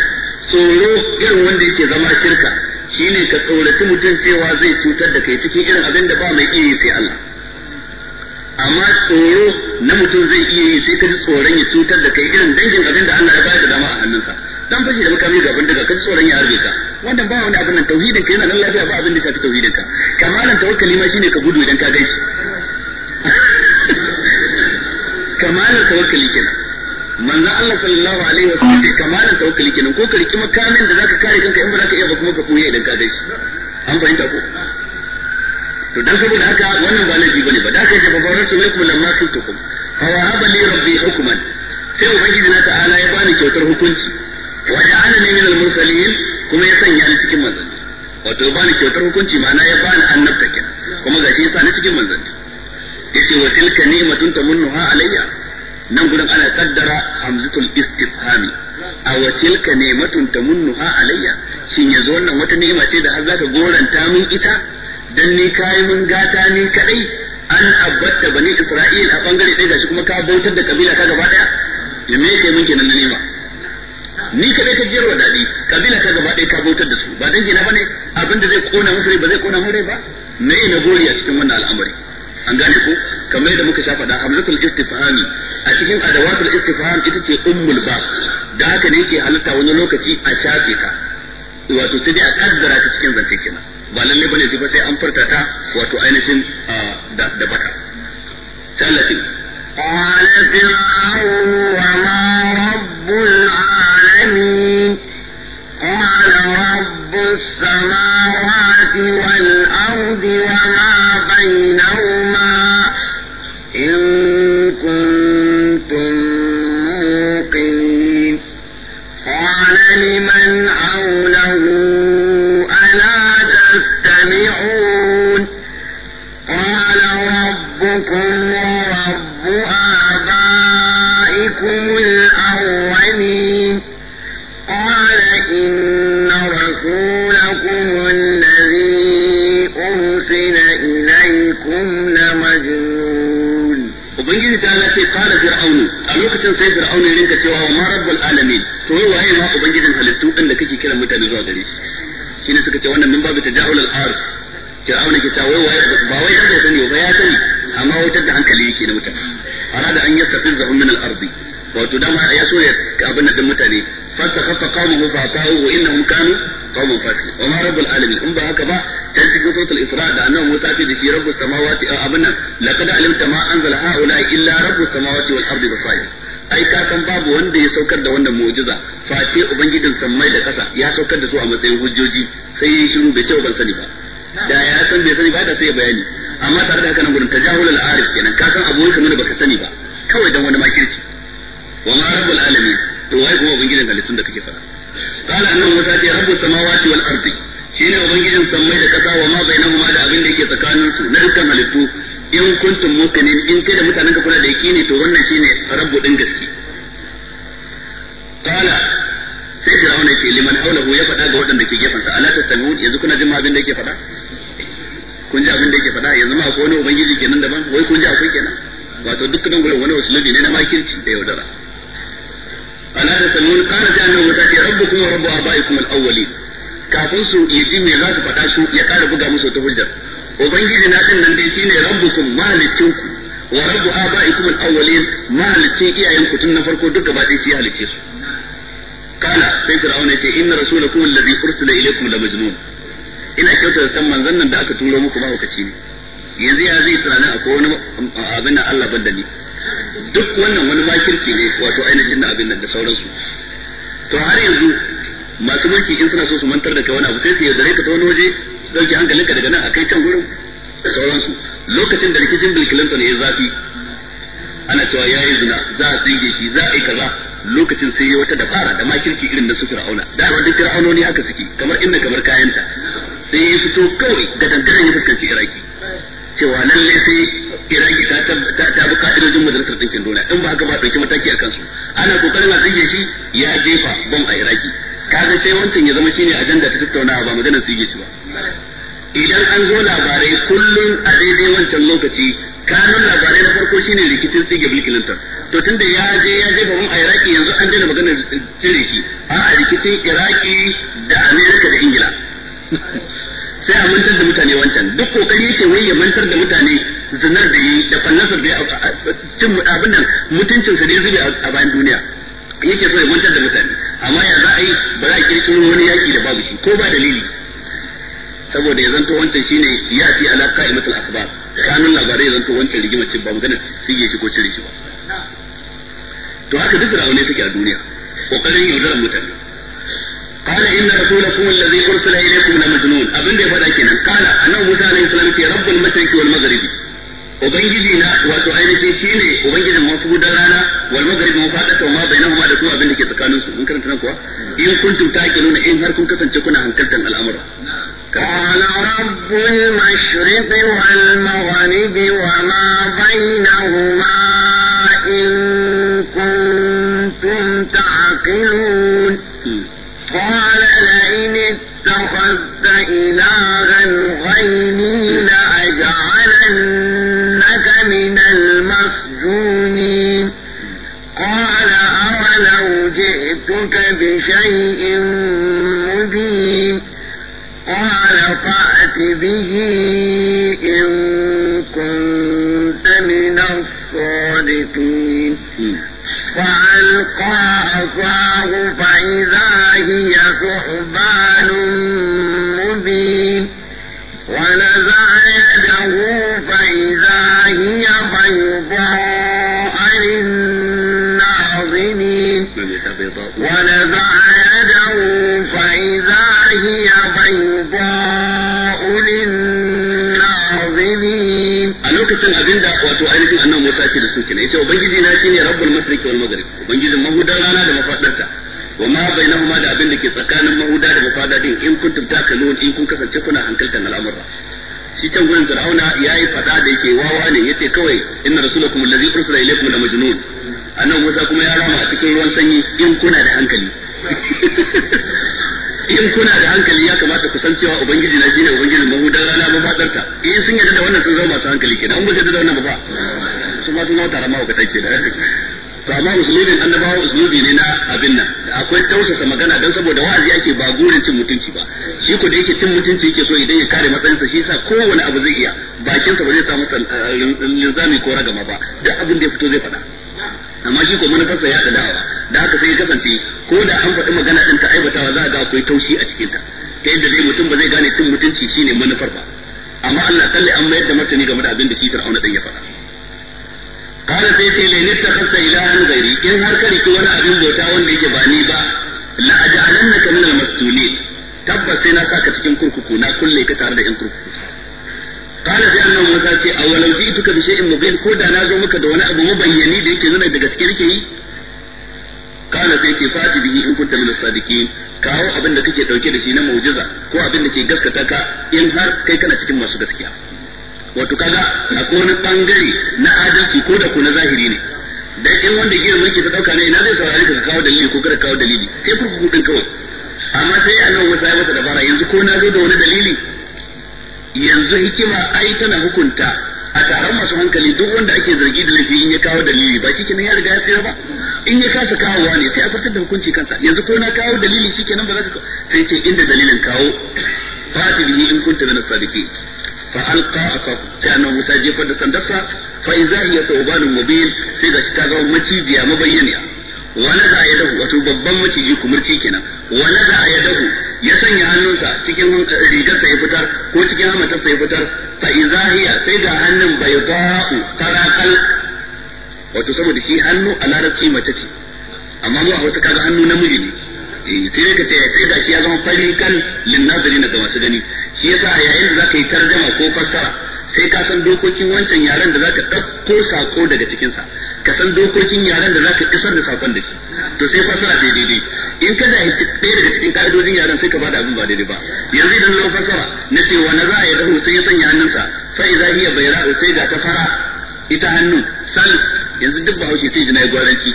tsoro irin wanda yake zama shirka shine ka tsoraci mutum cewa zai cutar da kai cikin irin abin da ba mai iya sai Allah amma tsoro na mutum zai iya yi sai ka ji tsoron ya cutar da kai irin dangin abin da Allah ya bayar da dama a hannunsa dan fashi da makami ga bindiga ka tsoron ya harbe ka wannan ba wani abin nan tauhidin ka yana nan lafiya ba abin da ya tauhidin ka kamalan tawakkali ma shine ka gudu idan ka gaishe [laughs] kamalan tawakkali kenan manzo Allah sallallahu alaihi wasallam kamalan tawakkali kenan ko ka riki makamin da zaka kare kanka in ba zaka iya ba kuma ka koye idan ka gaishe an fahimta ko to dan saboda haka wannan ba laifi bane ba da kai shafa fara su laikum lamma kuntukum fa wahaba li rabbi hukman sai ubangiji na ta'ala ya bani kyautar hukunci wa ja'alani min al-mursalin kuma ya sanya ni cikin manzanni wato ya bani kyautar hukunci ma'ana ya bani annabta kenan kuma gashi ya sa ni cikin manzanni yace wa tilka ni'matun tamunnuha alayya nan gurin ana kaddara hamzatul istifhami a wa tilka ni'matun tamunnuha alayya shin yazo wannan wata ni'ima ce da har zaka goranta min ita dan ni kai mun gata ni kadai an abbatta bani isra'il a bangare ɗaya gashi kuma ka bautar da kabila ka gaba daya ya me yake mun kenan na nema ni kadai ka jiyar wa daɗi kabila ka gaba daya ka bautar da su ba dan gina bane abinda zai kona musu ba zai kona mu rai ba me ne gori a cikin wannan al'amari an gane ku kamar da muka sha faɗa hamzatul istifhami a cikin adawatul istifham ita ce ummul ba da haka ne yake halitta wani lokaci a shafe ka wato sai dai a kaddara ta cikin zance kenan ba lalle bane sai sai an furta ta wato ainihin da da baka tallafi قال فرعون وما lokacin sai fir'auna ya rinka cewa wa ma rabbul alamin to wai waye ma ubangijin halittu din da kake kiran mutane zuwa gare shi shine suka ce wannan min babu al-ar wai waye ba wai dan ba ya sani amma wutar da hankali yake na mutane an min al-ardi wato dama ya so ya abin da mutane kafa wa kanu wa ma rabbul alamin in ba haka ba dan cikin suratul isra da annabi Musa ce da shi rabbus samawati abin nan laqad alimta ma anzala haula illa rabbus samawati wal ardi basair ai ka san babu wanda ya saukar da wannan mu'jiza face ubangijin samai da kasa ya saukar da su a matsayin hujjoji sai ya shiru bai cewa ban sani ba da ya san bai sani ba da sai bayani amma tare da haka nan gurin tajahul al-arif kenan ka san abu kamar baka sani ba kawai dan wani makirci wa ma rabbul alamin to wai kuma ubangijin halittun da kake fara قال أنه rabbus samawati wal ardi shine ubangijin samai da kasa wa ma bainahuma da abin da yake tsakanin su na dukkan halittu in kuntum mukanin in kai da mutanen ka kula da ne to wannan shine rabbu din gaske qala sai wannan ce liman haulahu ya faɗa ga waɗanda ke gefen sa alata tasmi'un yanzu kuna jin abin da yake faɗa kun ji abin da yake faɗa yanzu ma akwai wani ubangiji kenan daban wai kun ji akwai kenan wato dukkan gurin wani wasulubi ne na makirci da yaudara ala tasmi'un qala ja annahu wa ta'ala rabbukum wa rabbu abaikum al-awwalin kafin su yaji me za su faɗa su ya ƙara buga musu ta hujjar ubangiji na din nan dai shine rabbukum malikin ku wa rabbu abaikum al-awwalin malikin iyayen ku tun na farko duk gaba ɗaya shi halice su kana sai fir'auna ce inna rasulakum alladhi ursila ilaykum la majnun ina kyautar san manzon nan da aka turo muku ba hukaci ne yanzu ya zai tunanin ko wani abin da Allah banda ni duk wannan wani makirci ne wato ainihin abin nan da sauransu to har yanzu masu mulki in suna so su mantar da kai wani abu sai su yaudare ka ta wani waje su dauke hankalinka daga nan a kai can gurin da sauransu lokacin da rikicin ta Clinton ya zafi ana cewa ya yi zina za a tsige shi za a yi kaza lokacin sai ya wata dabara da makirki irin na su fir'auna da a auna fir'aunoni haka suke kamar inda kamar kayanta sai ya fito kawai ga dangaren ya fuskanci iraki cewa lallai sai iraki ta ta bi majalisar dinkin duniya in ba haka ba ɗauki mataki a kansu ana kokarin a tsige shi ya jefa bom a iraki kaga sai wancan ya zama shine ajanda ta tattauna ba magana su yi shi ba idan an zo labarai kullum a daidai wancan lokaci kanun labarai na farko shine rikicin tsige Bill Clinton to tunda ya je ya je babban Iraki yanzu an daina maganar cire shi a a rikicin Iraki da Amerika da Ingila sai a mantar da mutane wancan duk kokari yake wai ya mantar da mutane zinar da yi da fallasar da abin nan mutuncin sa da ya zube a bayan duniya yake so ya gwantar da mutane amma ya za a yi ba za a kirkiro wani yaki da babu shi ko ba dalili saboda ya zanto wancan shine ya fi a qa'imatul asibar kanun labarai ya zanto wancan rigima ce ba maganar sige shi ko cire shi ba to haka duk rawane suke a duniya kokarin yaudarar mutane قال ان رسولكم الذي ارسل اليكم لمجنون ابن ده فدا كده قال انا موسى عليه السلام في رب المشرق والمغرب ubangiji na wato ainihi shi ne ubangijin masu gudan rana wal maghrib ma fadata ma bainahuma da kuma abin da ke tsakanin su mun karanta nan kuwa in kuntum taqiluna in har kun kasance kuna hankaltan al'amura قال رب المشرق والمغرب وما بينهما إن كنتم تعقلون قال لئن اتخذت إلها غيري شيء مبين قال فأت به إن كنت من الصادقين فألقى عصاه فإذا هي ثعبان yace ubangiji na shine rabbul mashriqi wal maghrib ubangijin mahuda rana da mafadarta wa ma bainahuma da abin da ke tsakanin mahuda da mafada din in kuntum taqilun in kun kasance kuna hankaltan al'amura shi can gurin fir'auna yayi fada da yake wawa ne yace kawai inna rasulakum allazi ursila ilaykum la majnun annabi Musa kuma ya rama a cikin ruwan sanyi in kuna da hankali [laughs] in kuna da hankali ya kamata ku san cewa ubangiji na shine ubangijin mahudan rana mafadarta in sun yarda da wannan sun zama masu hankali kenan an ba da wannan ba su ma tara taron mahaukata ke da to amma usulubin annabawa musulmi ne na abin nan da akwai tausasa magana don saboda wa'azi ake ba gurin cin mutunci ba shi ko da yake cin mutunci yake so idan ya kare matsayinsa shi sa kowane abu zai iya bakinsa ba zai samu linzami ko ragama ba duk abin da ya fito zai faɗa amma shi ko manufarsa ya da dawa da haka sai ya kasance ko da an faɗi magana ɗin ta aibatawa za a ga akwai taushi a cikinta ta yadda zai mutum ba zai gane cin mutunci shine manufar ba amma Allah kalle an mayar da martani game da abin da shi Fir'auna ɗin ya faɗa kada sai sai lai nita kasta ilahan gari in har ka riki wani abin bauta wanda yake ba ni ba la aja'alanna ka masuli tabbas sai na saka cikin kurkuku na kulle ka tare da yan kurkuku kada sai annabi Musa ce a walau ji'tuka bi in mubin ko da na zo muka da wani abu mabayyani da yake nuna da gaske nake yi kana sai ce fati bihi in kunta min kawo abin da kake dauke da shi na mu'jiza ko abin da ke gaskata ka in har kai kana cikin masu gaskiya wato kaga a wani bangare na adalci ko da ko na zahiri ne dan in wanda gina mulki ta dauka ne na zai saurari ka kawo dalili ko kada kawo dalili sai kurkuku din kawai amma sai annabi Musa ya masa dabara yanzu ko na zo da wani dalili yanzu hikima ai tana hukunta a taron masu hankali duk wanda ake zargi da laifi in ya kawo dalili ba shi kenan ya riga ya tsira ba in ya kasa kawowa ne sai a fitar da hukunci kansa yanzu ko na kawo dalili shi kenan ba za ka sai ce inda dalilin kawo fati in kunta da nasabiki fa alqa aka sai annabi jefar da sandarsa fa idza hiya thubanun mubin sai da ta ga macibiya mabayyana wa nada dahu wato babban maciji kumurci kenan wa nada dahu ya sanya hannunsa cikin rigarsa ya fitar ko cikin hamatarsa ya fitar fa idza hiya sai da hannun bai bayda'u tarakal wato saboda shi hannu a larabci mace ce amma mu a wata kaga hannu namiji ne sai ne ka ce sai da shi ya zama farin kan linnazari ga masu gani shi yasa yayin da zaka yi tarjama ko fassara sai ka san dokokin wancan yaren da zaka ɗauko sako daga cikin sa ka san dokokin yaren da zaka isar da sakon da shi to sai fassara dai daidai in ka jahilci ɗaya daga cikin ka'idodin yaren sai ka bada abin ba daidai ba yanzu idan zo fassara na ce wa a yi rahu sai ya sanya hannunsa fa idza hiya bayra sai ga ta fara ita hannun sal yanzu duk bahaushe sai ji na gwaranci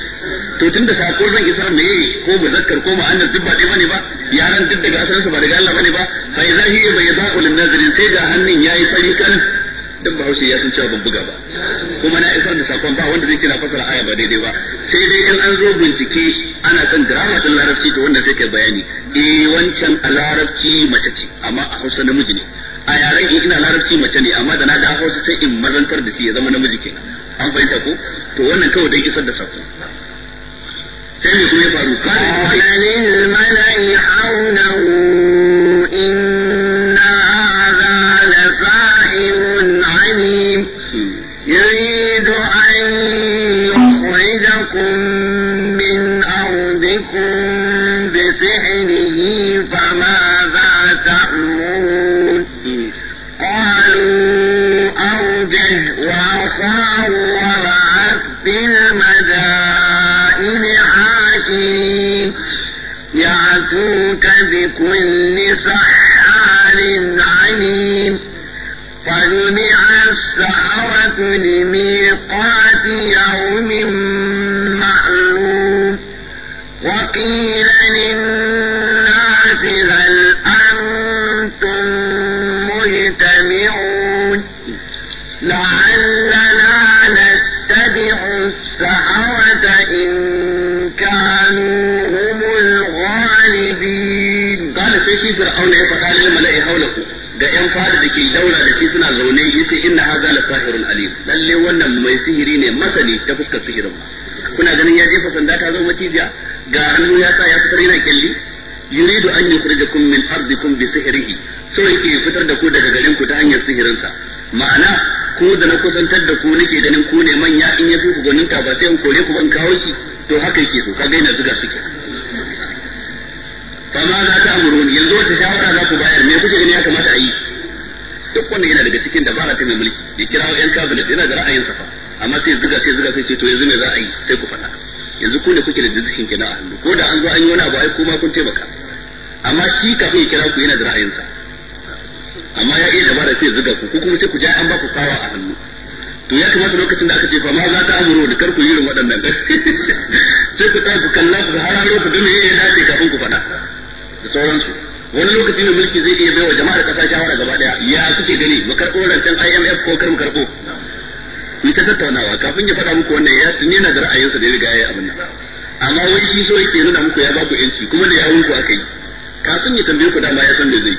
to tunda sako zan isar me ko zakkar ko mu'annas duk ba dai bane ba yaran duk daga asalinsa ba daga Allah bane ba fa idza hiya bayda'u lin nazirin sai ga hannun yayi fari kan duk bahaushe ya san cewa ban buga ba kuma na isar da sakon ba wanda zai kira fasara aya ba daidai ba sai dai in an zo bincike ana son drama din larabci to wanda sai kai bayani eh wancan a larabci mace ce amma a Hausa namiji ne a yaren in ina larabci mace ne amma da na da hausa sai in mazantar da shi ya zama namiji kenan an fahimta ko to wannan kawai dai isar da sako sai ne kuma ya faru kana lil mala'i in بكل سحار عليم فجمع السحرة لميقات يوم معلوم وقيل للناس ake daura da shi suna zaune yace inna hadha la sahirul alim lalle wannan mai sihiri ne masani ta fuskar sihirin kuna ganin ya jefa sanda ta zo matijiya ga hannu ya sa ya fitar yana kalli yuridu an yukhrijakum min ardikum bi sihrihi so yake fitar da ku daga garin ku ta hanyar sihirinsa ma'ana ko da na kusantar da ku nake ganin ku ne manya in ya fi ku gwanin ta ba sai in kore ku ban kawo shi to haka yake so kaga yana zuga suke fama za ta amuru yanzu wata shawara za ku bayar me kuke gani duk wannan yana daga cikin dabara ta mai mulki ya kira yan kabinet yana da ra'ayin sa fa amma sai zuga sai zuga sai ce to yanzu me za a yi sai ku faɗa yanzu ku ne kuke da dukkan kina a hannu ko da an zo an yi wani abu ai kuma kun taimaka amma shi kafin ya kira ku yana da ra'ayin sa amma ya iya dabara sai zuga ku ko kuma sai ku ja an ba ku kawa a hannu to ya kamata lokacin da aka ce fa ma za ta amuru da karku irin waɗannan [laughs] sai ku ta ku kalla ku hararo ku dame ya dace kafin ku faɗa da sauransu wani lokaci mai mulki zai iya baiwa jama'ar kasa shawara gaba daya ya kuke gani mu karɓo rancen IMF ko kar mu karɓo ta tattaunawa kafin ya faɗa muku wannan ya tuni na da ra'ayinsa da ya riga ya yi abin amma wani shi so yake nuna muku ya ba ku yanci kuma da ya ku aka yi kafin ya tambaye ku dama ya san da zai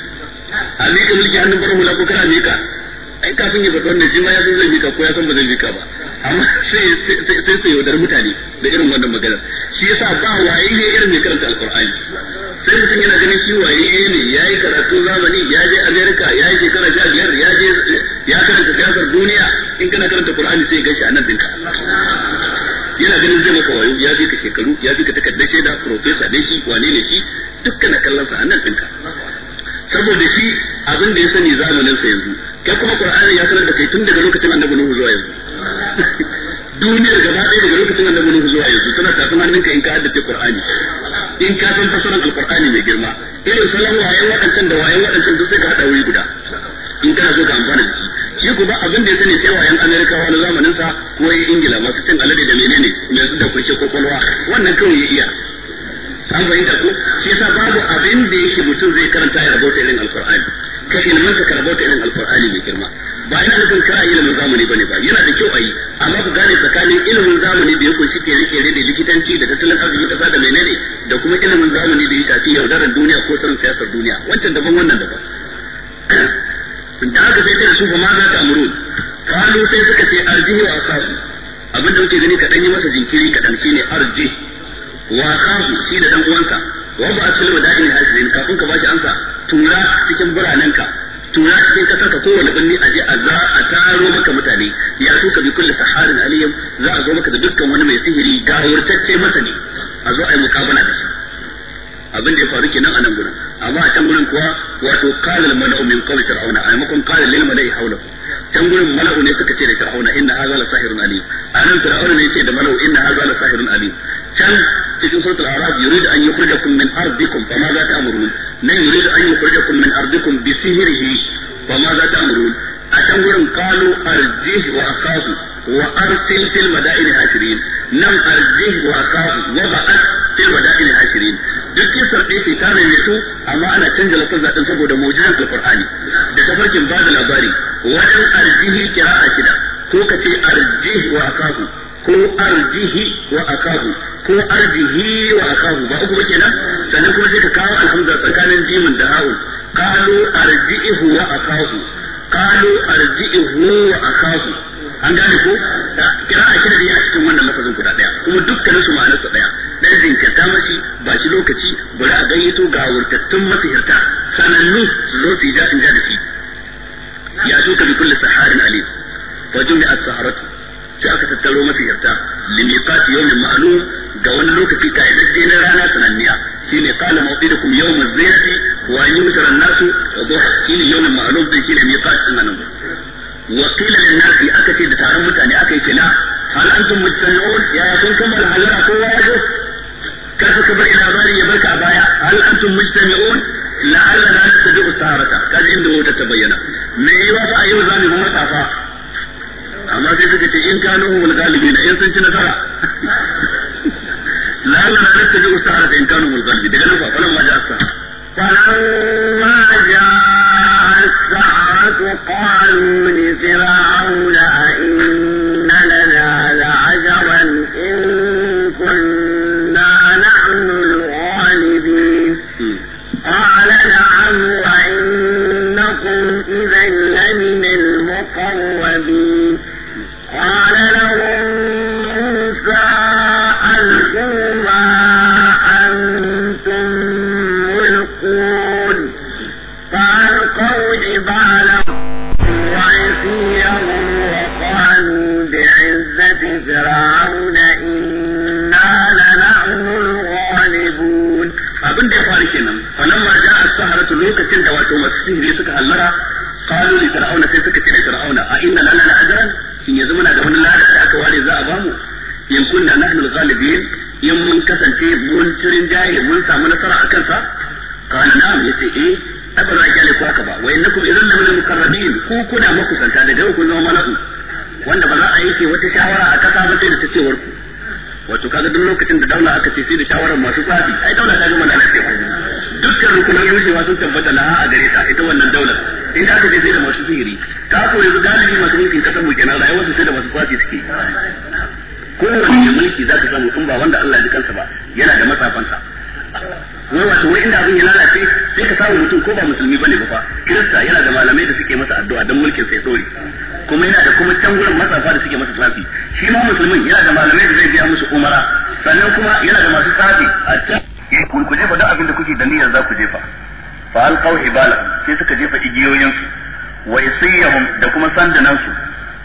a mika mulki hannun farar hula ko kana miƙa ai kafin ya faɗi wannan shi ma ya san zai bika ko ya san ba zai bika ba amma sai sai sai yaudar mutane da irin wannan maganar shi yasa ba waye ne irin mai karanta alqur'ani sai mutum yana ganin shi waye ne yayi karatu zamani ya je america ya yi shekara sha biyar ya je ya karanta siyasar duniya in kana karanta qur'ani sai gashi a nan dinka yana ganin zai maka wayo ya fika shekaru ya fika takardar shaida profesa ne shi wane ne shi dukkan kallon sa a nan dinka saboda shi abin da ya sani zamanin sa yanzu kai kuma qur'ani ya sanar da kai tun daga lokacin annabi nuhu zuwa yanzu [laughs] duniyar gaba ɗaya daga lokacin annabi nuhu zuwa yanzu tana tafin hannunka in ka haddace qur'ani in ka san fasaran alqur'ani mai girma irin salahu wayan wadancan da wayan wadancan duk sai ka haɗa wuri guda in kana so ka amfana da shi shi kuma ba abin da ya sani sai wayan amerikawa na zamanin sa ko ingila masu cin alade da menene su da kunshe kokolwa wannan kawai ya iya an fahimta ko shi yasa babu abin da yake mutum zai karanta ya rabota irin alqur'ani ka na ka karbo ta irin alkur'ani mai girma ba ina nufin kira ilimin zamani bane ba yana da kyau a yi amma ku gane tsakanin ilimin zamani da ya kunshi kere kere da likitanci da tattalin arziki kasa da menene da kuma ilimin zamani da ya tafi yaudarar duniya ko sanin siyasar duniya wancan daban wannan daban masa ardihi wa akahu ko ardihi wa akahu ba uku bace na sannan kuma sai ka kawo alhamza tsakanin jimin da ha'un qalu ardihi wa akahu ta a baya hal antum mujtami'un la'alla la tastabi'u saharata kaji inda wata ta bayyana me yiwa fa amma sai suka ce in kanu in sun ci nasara [laughs] la'alla la saharata in kanu daga nan fa ma المقربين قال لهم موسى ألقوا ما أنتم ملقون فألقوا جبالهم وعصيهم وقالوا بعزة فرعون إنا لنحن الغالبون abin da ya faru kenan falamma ja'a saharatu lokacin da wato masu sihiri suka hallara qalu li fir'auna sai suka ce da fir'auna a inna lana la ajran shin yanzu muna da wani ladan da aka ware za bamu in kunna nahnu al-ghalibin in mun kasance mun turin jaye samu nasara akan sa qala na'am yace eh abin rake ne kuwa ba wa innakum idan lam mukarrabin ku kuna makusanta da dai kun zama malaku wanda ba za a yanke wata shawara a ba sai da ta cewar ku duk lokacin da daula aka ce sai da shawarar masu tsafi ai daula ta dukkan rukunan rushewa sun tabbata laha a gare ta ita wannan daular in aka je sai da masu sihiri ta ko yanzu galibi masu mulkin kasar mu kenan su sai da masu kwaci suke ko wani mulki za ka samu in ba wanda Allah ya kansa ba yana da matsafansa wai wato wai inda abin ya lalace sai ka samu mutum ko ba musulmi bane ba fa kirista yana da malamai da suke masa addu'a dan mulkin sai dore kuma yana da kuma can gurin matsafa da suke masa tsafi shi ma musulmin yana da malamai da zai biya musu umara sannan kuma yana da masu tsafi a can ya ku ku jefa duk abin da kuke da niyyar za ku jefa fa alqaw ibala sai suka jefa igiyoyin su wa isiyahum da kuma sandanan su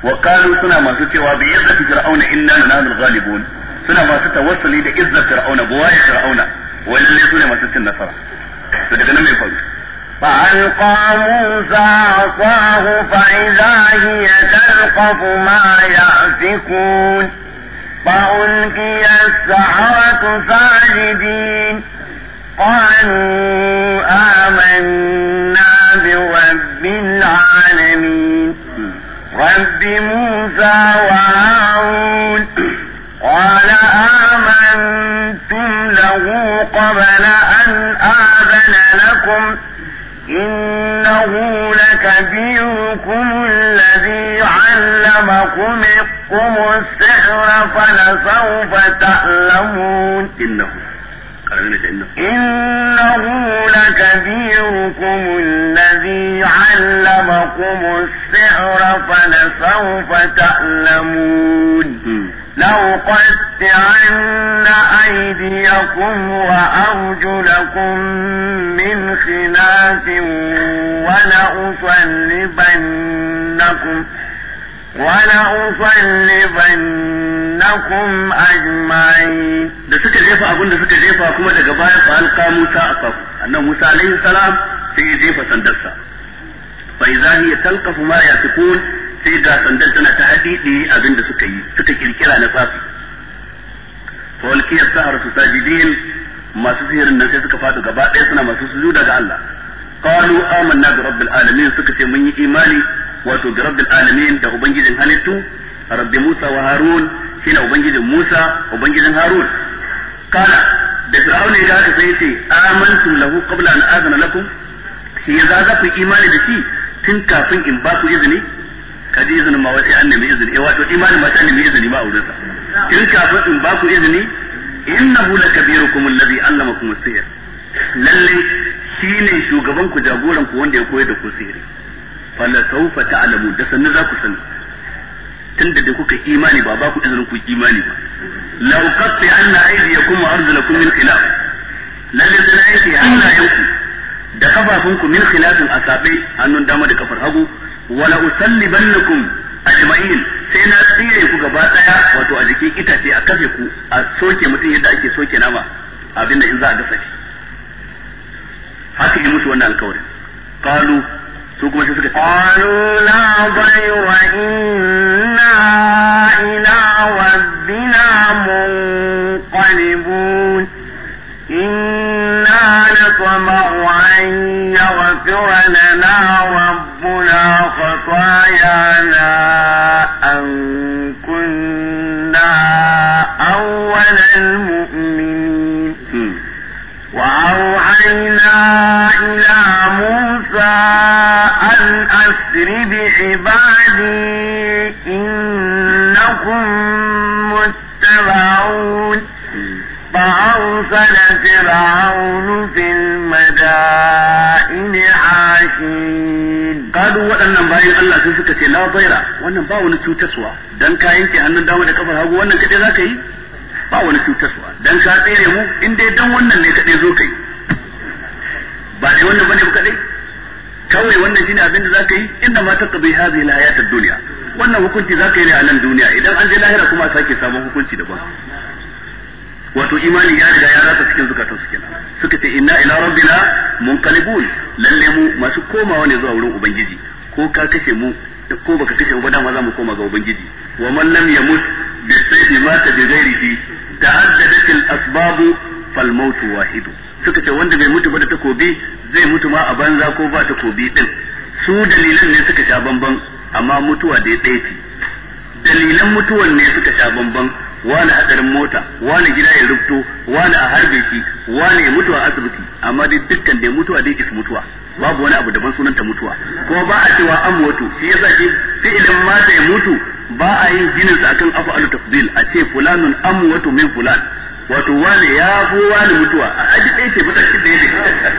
wa qalu suna masu cewa bi izzati fir'auna inna lanahul ghalibun suna masu tawassuli da izzati fir'auna buwai fir'auna wannan ne sune masu cin nasara to daga nan mai faru فألقى موسى عصاه فإذا هي تلقف ما يأفكون فألقي السحرة ساجدين قالوا آمنا برب العالمين رب موسى وهارون قال آمنتم له قبل أن آذن لكم إنه لكبيركم الذي علمكم القم السحر فلسوف تعلمون إنه إنه لكبيركم الذي علمكم السحر فلسوف تعلمون لأقطعن أيديكم وأرجلكم من خلاف ولأصلبنكم ولأصلبنكم أجمعين da suka jefa abin da suka jefa kuma daga baya fa Musa aqaf annabi Musa alaihi salam sai ya jefa sandarsa fa idza hiya talqafu ma sai ga sandan tana ta haɗiɗi abin da suka yi suka kirkira na tsafi walƙiyar sahar su sajidin masu sihirin nan sai suka faɗo gaba ɗaya suna masu sujuda daga Allah qalu amanna bi rabbil alamin suka ce mun yi imani wato bi rabbil alamin da ubangijin halittu rabbi Musa wa Harun shine ubangijin Musa ubangijin Harun kana da fir'auna ya haka sai ce amantu lahu qabla an azana lakum shi ya za ku imani da shi tun kafin in ba ku izini ka ji izinin ma wata an nemi izini eh wato imanin ma ta nemi izini ba a wurinsa in kafin in ba ku izini innahu lakabirukum allazi allamakum as-sihr lalle shine shugaban ku jagoran ku wanda ya koyar da ku sihiri fala sawfa ta'lamu da sannu za ku sani tunda da kuka imani ba ba ku izinin ku imani ba la uqatti anna aydiyakum wa arjulakum min khilaf lalle sai na aiki hannayenku da kafafun ku min khilafin asabai hannun dama da kafar hagu wala usallibannakum ajma'in sai na tsire ku gaba daya wato a jikin itace a kafe ku a soke mutum yadda ake soke nama abinda in za a gasa shi haka yi musu wannan alkawarin qalu su kuma sai suka ce qalu la wa inna ila rabbina munqalibun إنا نطمع أن يغفر لنا ربنا خطايانا أن كنا أول المؤمنين وأوحينا إلى موسى أن أسر بعبادي إنكم متبعون فأرسل فرعون في المدائن حاشين قالوا وأن باين الله سوسك لا ضيرة وأن باون سو تسوى دان كاين كي أن داود كفر هاو وأن كده ذاك يي باون سو تسوى دان كاتيري مو إن دي دان وأن اللي كده ذوك يي بعد وأن بني بكده kawai wannan shine abin da zaka yi inda ma taqbi hadhihi al-hayat ad-dunya wannan hukunci zaka yi ne a nan duniya idan an je lahira kuma a sake sabon hukunci daban wato imanin ya riga ya rasa cikin zukatan su kenan suka ce inna ila rabbina munqalibun lalle mu masu komawa ne zuwa wurin ubangiji ko ka kace mu ko baka kace mu ba dama za mu koma ga ubangiji wa man lam yamut bi sayfi mata bi ghairihi ta'addadat al asbab fal maut wahid suka ce wanda bai mutu ba da takobi zai mutu ma a banza ko ba takobi din su dalilan ne suka sha bamban amma mutuwa da ya ce dalilan mutuwan ne suka sha bamban wani hadarin mota wani gida ya rubto wani a harbe shi wani ya mutuwa a asibiti amma dai dukkan da ya mutuwa dai is mutuwa babu wani abu daban sunanta mutuwa ko ba a cewa an mutu shi yasa shi idan mata ya mutu ba a yin jinin sa akan af'alu tafdil a ce fulanun mutu min fulan wato wani ya fi wani mutuwa a aji ɗaya ce mataki ɗaya ne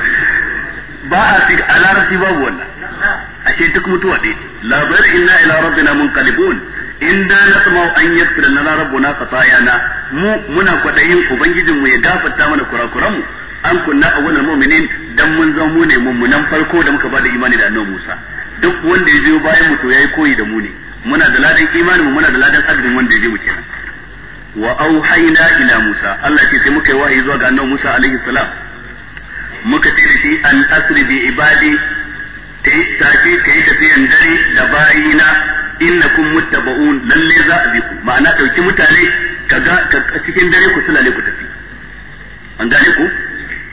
ba a fi a babu wannan ashe duk mutuwa ɗaya labar inna ila rabbina munqalibun in da na sama an yaskira na rabbuna na mu muna kwaɗayin ubangijin mu ya gafarta mana kurakuranmu an kunna a awwalul mu'minin dan mun zama mu ne mummunan farko da muka bada imani da annabi Musa duk wanda ya biyo bayan mu to yayi koyi da mu ne muna da ladan imani mu muna da ladan adadin wanda ya biyo mu kenan wa auhayna ila Musa Allah ce sai muka yi wahayi zuwa ga annabi Musa alaihi salam muka ce da shi an asri bi ibadi ta yi tafi ta yi dare da bayina innakum muttaba'un lalle za a bi ku ma'ana dauki mutane kaga cikin dare ku sulale ku tafi an gane ku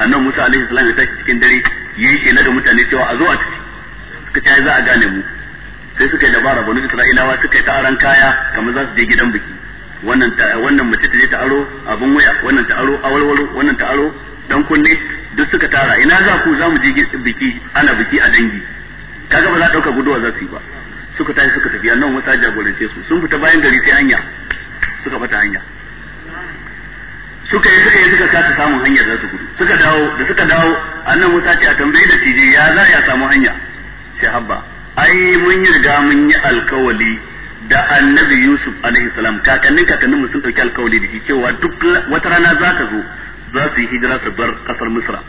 annabi Musa alaihi salam ya tashi cikin dare yayi kenan da mutane cewa a zo a tafi suka ce za a gane mu sai suka yi dabara banu Isra'ilawa suka yi ta aran kaya kamar za su je gidan biki wannan wannan mace ta je ta aro abun waya wannan ta aro awalwalo wannan ta aro dan kunne duk suka tara ina za ku za mu je biki ana biki a dangi kaga ba za a dauka guduwa za su yi ba suka tashi suka tafi annabi Musa jagorance su sun fita bayan gari sai hanya suka fita hanya suka yi suka yi suka kasa samun hanya za su gudu suka dawo da suka dawo annabi Musa ce a tambaye da tije ya za ya samu hanya sai habba ai mun yi riga mun yi alkawali da annabi Yusuf alaihi salam kakannin kakannin sun dauki alkawali da shi cewa duk wata rana za ta zo za su yi hijira su bar kasar Misra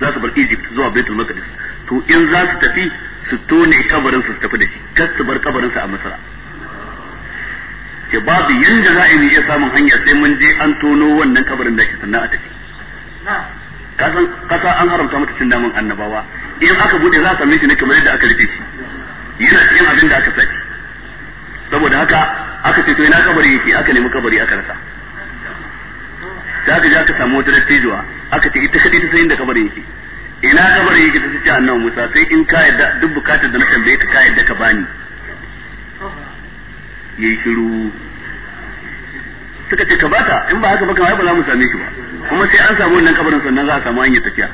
za su bar Egypt zuwa Baitul Maqdis to in za su tafi su tone kabarin su tafi da shi kar su bar kabarin su a masara ke babu yanda za a yi iya samun hanya sai mun je an tono wannan kabarin da shi sannan a tafi kasan kasa an haramta mata cin namun annabawa in aka bude za a same shi ne kamar yadda aka rufe shi yana cikin abin da aka saki saboda haka aka ce to ina kabari yake aka nemi kabari aka rasa da ka je aka samu wata dattijuwa aka ce ita kadai ta san da kabari yake ina kabari yake ta ce annabi Musa sai in ka yadda duk bukatar da na tambaye ka ka yadda ka bani yayi shiru suka ce ka bata in ba haka ba kamar ba za mu same ki ba kuma sai an samu wannan kabarin sannan za a samu hanyar tafiya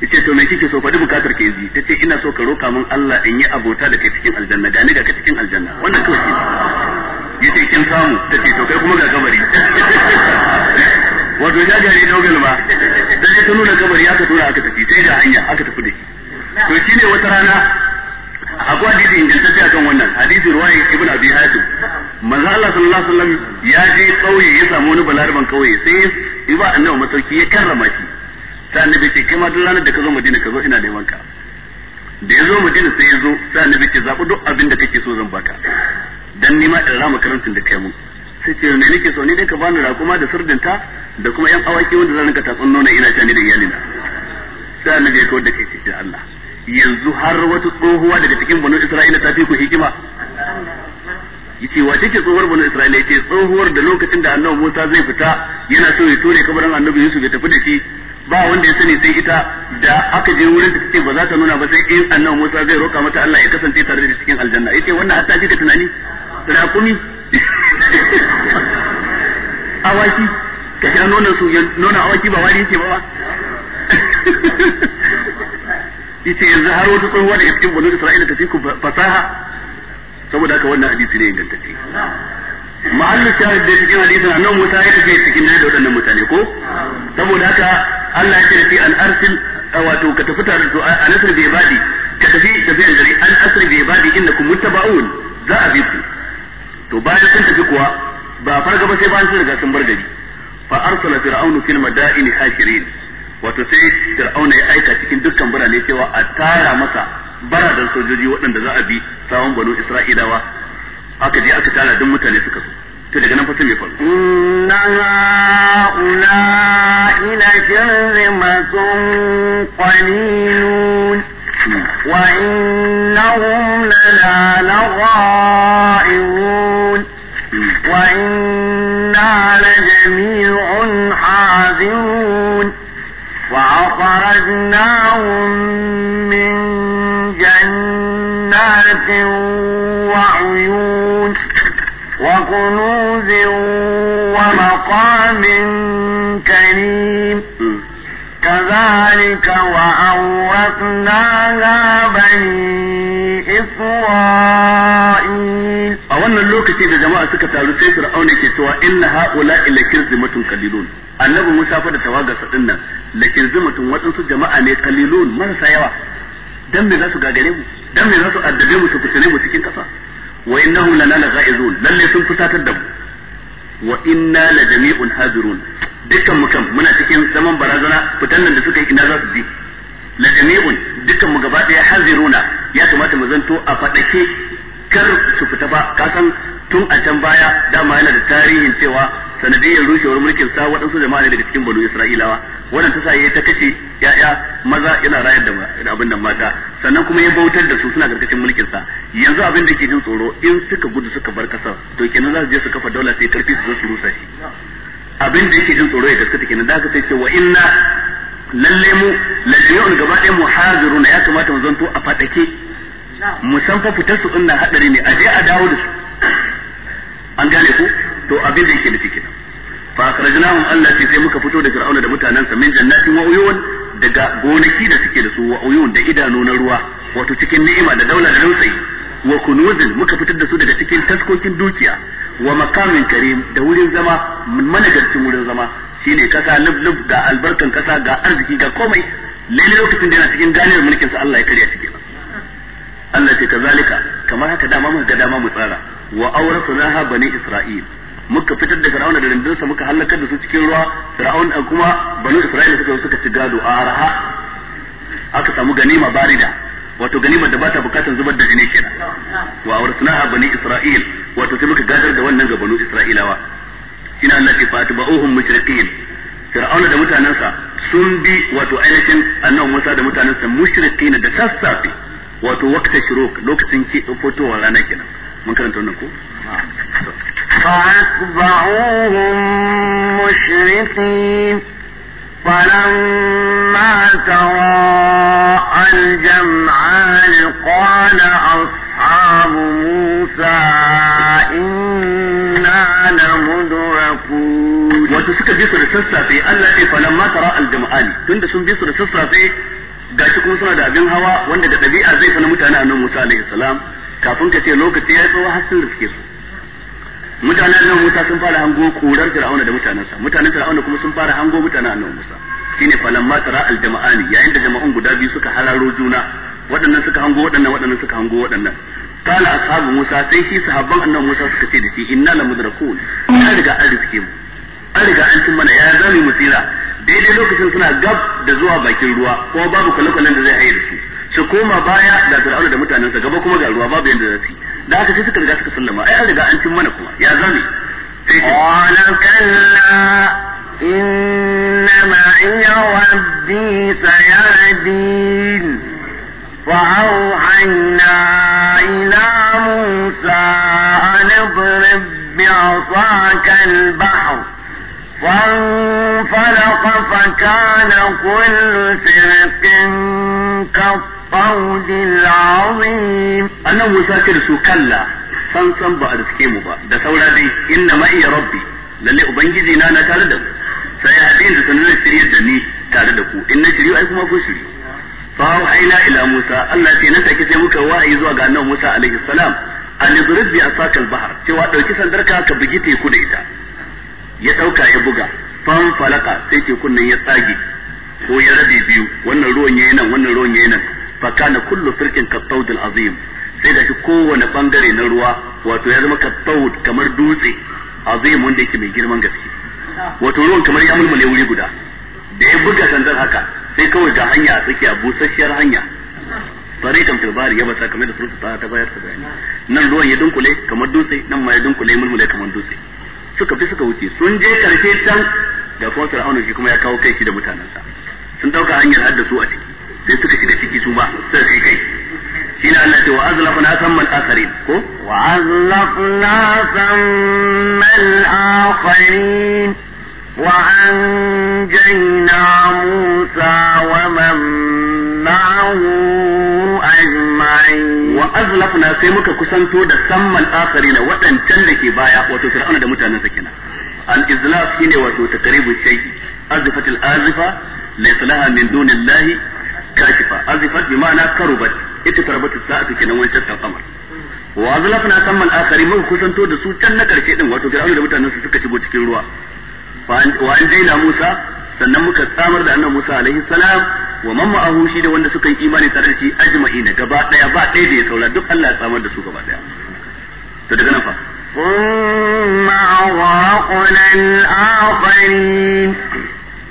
yace to me kike so faɗi bukatar ke yi tace ina so ka roka min Allah in yi abota da kai cikin aljanna gani ga ka cikin aljanna wannan kawai yace kin samu tace to kai kuma ga kabari [laughs] wato ya gari dogal ba dan ya tuno da kabari ka tura aka tafi sai da hanya aka tafi da to shine wata rana akwai hadisi ingantacce akan wannan hadisi ruwayi ibn abi hatim manzo Allah sallallahu alaihi wasallam ya je kauye ya samu wani balarban kauye sai ya ba annabi masauki ya karrama shi sai annabi ce kai ma duk ranar da ka zo Madina ka zo ina neman ka da ya zo Madina sai ya zo sai annabi ce zabi duk abin da kake so zan baka dan nima in rama karantin da kai mu sai ce me nake so ni dai ka bani rakuma da surdinta da kuma yan awaki wanda zan ka tatsun nonon ina ta ni da iyalina sai annabi ya kawar da kai cikin Allah yanzu har wata tsohuwa daga cikin banu Isra'ila ta fi ku hikima yace wa take tsohuwar banu Isra'ila yace tsohuwar da lokacin da Allah Musa zai fita yana so ya tore kabarin Annabi Yusuf ya tafi da shi ba wanda ya sani sai ita da aka je wurin da take ba za ta nuna ba sai in Annabi Musa zai roka mata Allah ya kasance tare da cikin aljanna yace wannan hatta kika tunani rakumi [laughs] awaki ka sha nonon su nonon awaki ba wani yake ba ba Ita [laughs] yanzu har wata tsohuwa da cikin banu Isra'ila ta fi ku fasaha saboda haka wannan hadisi ne ingantacce mahallin shahid da cikin hadisin annabi Musa ya tafi cikin dare da waɗannan mutane ko saboda haka Allah ya ce fi an arsil wato ka tafi tare da an asr bi ibadi ka tafi tafi da gari an asr bi ibadi innakum muttaba'un za a bi ku to bayan sun tafi kuwa ba farga ba sai ba sun riga sun bar gari fa arsala fir'aunu fil madaini hashirin wato sai fir'auna ya aika cikin dukkan birane cewa a tara masa baradan sojoji waɗanda za a bi sawon banu isra'ilawa aka je aka tara duk mutane suka zo to daga nan fa sai me faru inna haula ila shirmatun qalilun وإنهم لنا لغائبون وإنا لجميع حاذرون وأخرجناهم من جنات وعيون وكنوز ومقام كريم كذلك وأورثناها بني إسرائيل a wannan lokaci da jama'a suka taru sai Fir'auna ke cewa inna haula ila kirzimatun qalilun annabi Musa fa da tawagarsa din nan la kirzimatun wadansu jama'a ne qalilun marasa yawa dan me za su gagare mu dan me za su addabe mu su fitine mu cikin kasa wa innahum lana laghaizun lalle sun fusatar da mu wa inna la jami'un hadirun dukkan mu kan muna cikin zaman barazana fitan nan da suka yi ina za su je la jami'un dukkan mu gaba daya haziruna ya kamata mu zanto a fadake kar su fita ba san tun a can baya dama yana da tarihin cewa sanadiyar rushewar mulkin sa waɗansu jama'a ne daga cikin banu isra'ilawa wannan ta sa ta kashe ya'ya maza yana rayar da abin da mata sannan kuma ya bautar da su suna karkashin mulkin sa yanzu abin da ke jin tsoro in suka gudu suka bar kasar to kenan za su je su kafa daula sai karfi su zo su rusa shi abin da yake jin tsoro ya gaskata kenan da haka sai ce wa inna lalle mu lalle gaba ɗaya na ya kamata mu zanto a fadake mu san fa fitar su inna hadari ne a je a dawo da su an gane ku to abin da yake nufi kenan fa akhrajnahum Allah ce sai muka fito da fir'auna da mutanansa min jannatin wa uyun daga gonaki da suke da su wa uyun da idanu na ruwa wato cikin ni'ima da daula da dausayi wa kunuzin muka fitar da su daga cikin taskokin dukiya wa makamin karim da wurin zama managarcin wurin zama shine kasa lub ga albarkan kasa ga arziki ga komai lalle lokacin da yana cikin ganiyar mulkin sa Allah ya karya shi kenan Allah ce kazalika kamar haka dama mun ga dama mu tsara wa awrasnaha bani isra'il muka fitar da fir'auna da rundunsa muka halakar da su cikin ruwa fir'aun kuma bani isra'il suka suka ci gado a araha aka samu ganima barida wato ganimar da ba ta bukatar zubar da jini kenan wa awrasnaha bani isra'il wato sai muka gadar da wannan ga banu isra'ilawa ina Allah ce fa atba'uhum mushriqin fir'auna da mutanansa sun bi wato ainihin annabi Musa da mutanansa mushriqin da sassafe wato waqta shuruk lokacin ki fitowar rana kenan mun karanta wannan ko فأتبعوهم مشرقين فلما تراءى الجمعان قال أصحاب موسى إنا لمدركون wato suka bi su da sassafe Allah ce falamma tara aljam'ani tunda sun bi su da sassafe gashi kuma suna da abin hawa wanda da ɗabi'a zai fa na mutane annabi Musa alaihi salam kafin ka ce lokaci ya tsawo har sun mutanen nan Musa sun fara hango korar Fir'auna da mutanensa mutanen Fir'auna kuma sun fara hango mutanen annabi Musa shine falamma tara al jama'ani yayin da jama'un guda biyu suka hararo juna waɗannan suka hango waɗannan waɗannan suka hango waɗannan kana ashabu Musa sai shi sahabban annabi Musa suka ce da shi inna la mudrakun an riga an riske mu an riga an cin mana ya zame mu tsira daidai lokacin suna gab da zuwa bakin ruwa ko babu kalakalan da zai haye da su su koma baya da Fir'auna da mutanensa gaba kuma ga ruwa babu yanda za su yi da haka sai suka riga suka sallama ai an riga an cin mana kuma ya zami قال كلا إن معي ربي سيهدين وأوحينا إلى موسى أن اضرب بعصاك البحر فانفلق فكان كل فرق كالطير القول العظيم أنا مساكر سو كلا سنسن سكيم با ده سولا دي إنما إيا ربي للي أبنجي نانا تاردم سيهدين سنونا سريع دني تاردكو إن شريو أيكم أكو شريو فأوحينا إلى موسى الله تينتا كسي مكا وحي زوغ أنه موسى عليه السلام أن يضرب بأساك البحر سوى كسان دركا كبجيتي كوديتا يتوكا يبقى fanfalaka sai tekun nan ya tsage ko ya rabe biyu wannan ruwan yayi nan wannan ruwan yayi nan fa kana kullu firqin kattawd azim sai da kowane bangare na ruwa wato ya zama kattawd kamar dutse azim wanda yake mai girman gaske wato ruwan kamar ya mulmule wuri guda da ya buga sandar haka sai kawai ga hanya a tsakiya busasshiyar hanya tarikan filbari ya bata kamar da surutu ta ta bayar da bayani nan ruwan ya dunkule kamar dutse nan ma ya dunkule mulmule kamar dutse suka bi suka wuce sun je karfe can da kuma fir'auna shi kuma ya kawo kai shi da mutanensa sun dauka hanyar haddasu a ciki sai suka shiga ciki su ba sai su kai shi ne Allah ce wa azlafna samman akharin ko wa azlafna samman akharin wa anjayna Musa wa man ma'ahu ajma'in wa azlafna sai muka kusanto da samman akharin wadancan da ke baya wato fir'auna da mutanen sa kenan al-izlaf shine wato takribu shay'i Azifatil azifa laysa laha min dunillahi kashifa azifat bi ma'ana karubat ita karabatu sa'atu kenan wancan kan kamar wa azlafna samman akhari mun kusanto da su can na karshe din wato fir'auna da mutanen su suka shigo cikin ruwa wa an daina Musa sannan muka samar da annabi Musa alaihi salam wa man ma'ahu shi da wanda suka yi imani tare da shi ajma'ina gaba daya ba daya da ya saura duk Allah ya samar da su gaba daya to daga nan fa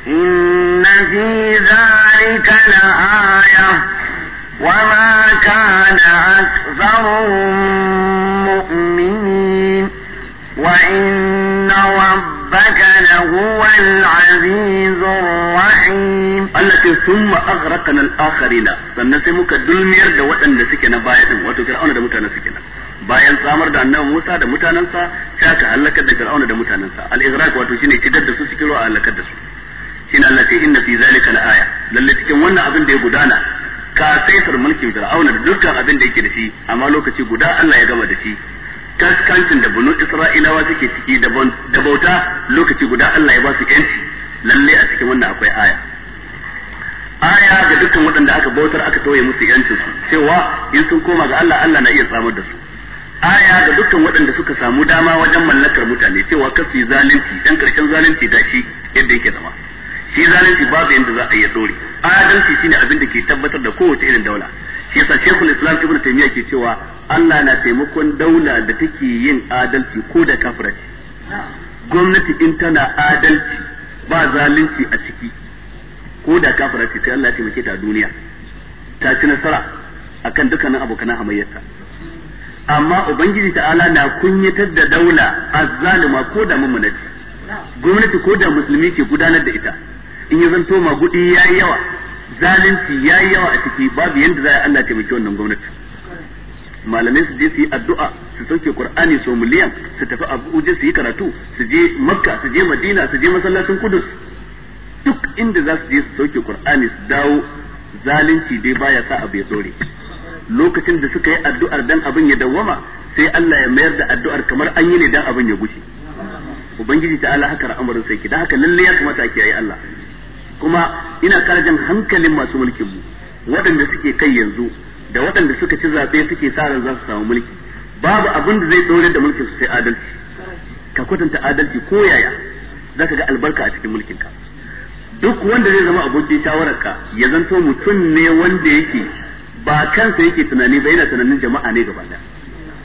إن في ذلك لآية وما كان أكثرهم مؤمنين وإن ربك لهو العزيز الرحيم التي ثم أغرقنا الآخرين سنسمك دلمير دوتن لسكنا بايتم وتكرعون دمتنا سكنا bayan samar da annabi Musa da mutanensa sai aka halakar da Fir'auna da mutanensa al-ighraq wato shine kidar da su cikin ruwa a halakar da su shi ne Allah ce inna fi zalika aya? lalle cikin wannan abin da ya gudana ka saitar mulkin fir'auna da dukkan abin da yake da shi amma lokaci guda Allah ya gama da shi kaskancin da bunu isra'ilawa suke ciki da bauta lokaci guda Allah ya ba su yanci lalle a cikin wannan akwai aya aya ga dukkan waɗanda aka bautar aka tauye musu yancin su cewa in sun koma ga Allah Allah na iya samar da su aya ga dukkan waɗanda suka samu dama wajen mallakar mutane cewa kafi zalunci dan karshen zalunci da shi yadda yake zama shi zalunci babu yadda za a yi dore adalci shine abin da ke tabbatar da kowace irin daula shi yasa shekul islam ibnu taymiya ke cewa Allah na taimakon daula da take yin adalci ko da kafira gwamnati in tana adalci ba zalunci a ciki ko da kafira ce Allah ya taimake ta duniya ta ci nasara akan dukkanin abokan hamayyarta amma ubangiji ta'ala na kunyatar da daula azzalima ko da mummunaci gwamnati ko da musulmi ke gudanar da ita in ya zanto gudi ya yi yawa zalunci ya yi yawa a ciki babu yadda za a Allah taimaki wannan gwamnati malamai su je su yi addu'a su sauke qur'ani su miliyan su tafi abuja su yi karatu su je makka su je madina su je masallacin kudus duk inda za su je su sauke qur'ani su dawo zalunci dai baya sa abu ya tsore lokacin da suka yi addu'ar dan abin ya dawwama sai Allah ya mayar da addu'ar kamar an yi ne dan abin ya gushe ubangiji ta haka al'amarin sai ki dan haka lalle ya kamata a yi Allah kuma ina jan hankalin masu mulkin mu waɗanda suke kai yanzu da waɗanda suka ci zaɓe suke sa ran za su samu mulki babu abin da zai dore da mulkin su sai adalci ka kwatanta adalci ko yaya za ga albarka a cikin mulkin ka duk wanda zai zama abokin shawarar ka ya zanto mutum ne wanda yake ba kansa yake tunani ba yana tunanin jama'a ne gaba daya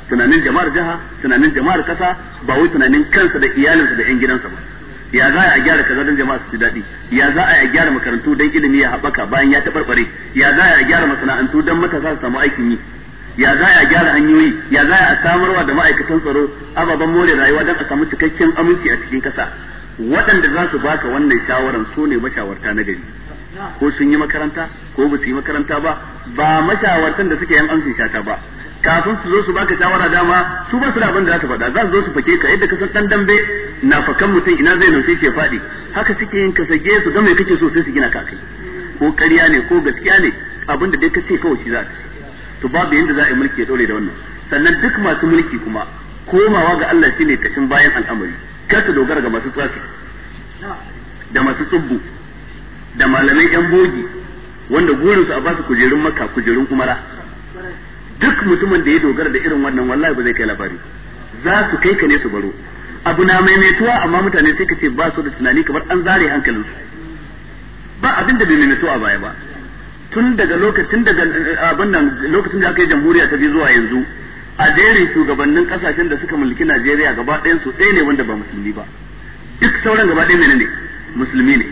tunanin jama'ar jiha tunanin jama'ar kasa ba wai tunanin kansa da iyalinsa da yan gidansa ba ya za a gyara kaza don jama'a su daɗi ya za a gyara makarantu don ilimi ya haɓaka bayan ya taɓarɓare ya za a gyara masana'antu don matasa su samu aikin yi ya za a gyara hanyoyi ya za a samarwa da ma'aikatan tsaro ababen more rayuwa don a samu cikakken aminci a cikin ƙasa waɗanda za su baka wannan shawaran su ne mashawarta na gari ko sun yi makaranta ko ba su yi makaranta ba ba mashawartan da suke yan amsin shata ba kafin su zo su baka shawara dama su ba su da abin da za su faɗa za su zo su fake ka yadda ka san dan dambe na fakan mutum ina zai nauce ke faɗi haka suke yin ka sage su ga me kake so sai su gina ka kai ko ƙarya ne ko gaskiya ne abin da dai ka kawai shi za ta to babu yanda za a yi mulki ya da wannan sannan duk masu mulki kuma komawa ga Allah shine kashin bayan al'amari kar ka dogara ga masu tsafi da masu tsubbu da malamai yan bogi wanda gurinsu a basu kujerun maka kujerun umara duk mutumin da ya dogara da irin wannan wallahi ba zai kai labari za su kai ka ne su baro abu na maimaituwa amma mutane sai ka ce ba su da tunani kamar an zare hankalinsu ba abin da bai maimaituwa baya ba tun daga lokacin daga eh, abin nan lokacin da aka yi jamhuriya ta biyu zuwa yanzu a jerin shugabannin kasashen da suka mulki Najeriya gaba ɗayan su ɗaya ne wanda ba musulmi ba duk sauran gaba ɗaya ne musulmi ne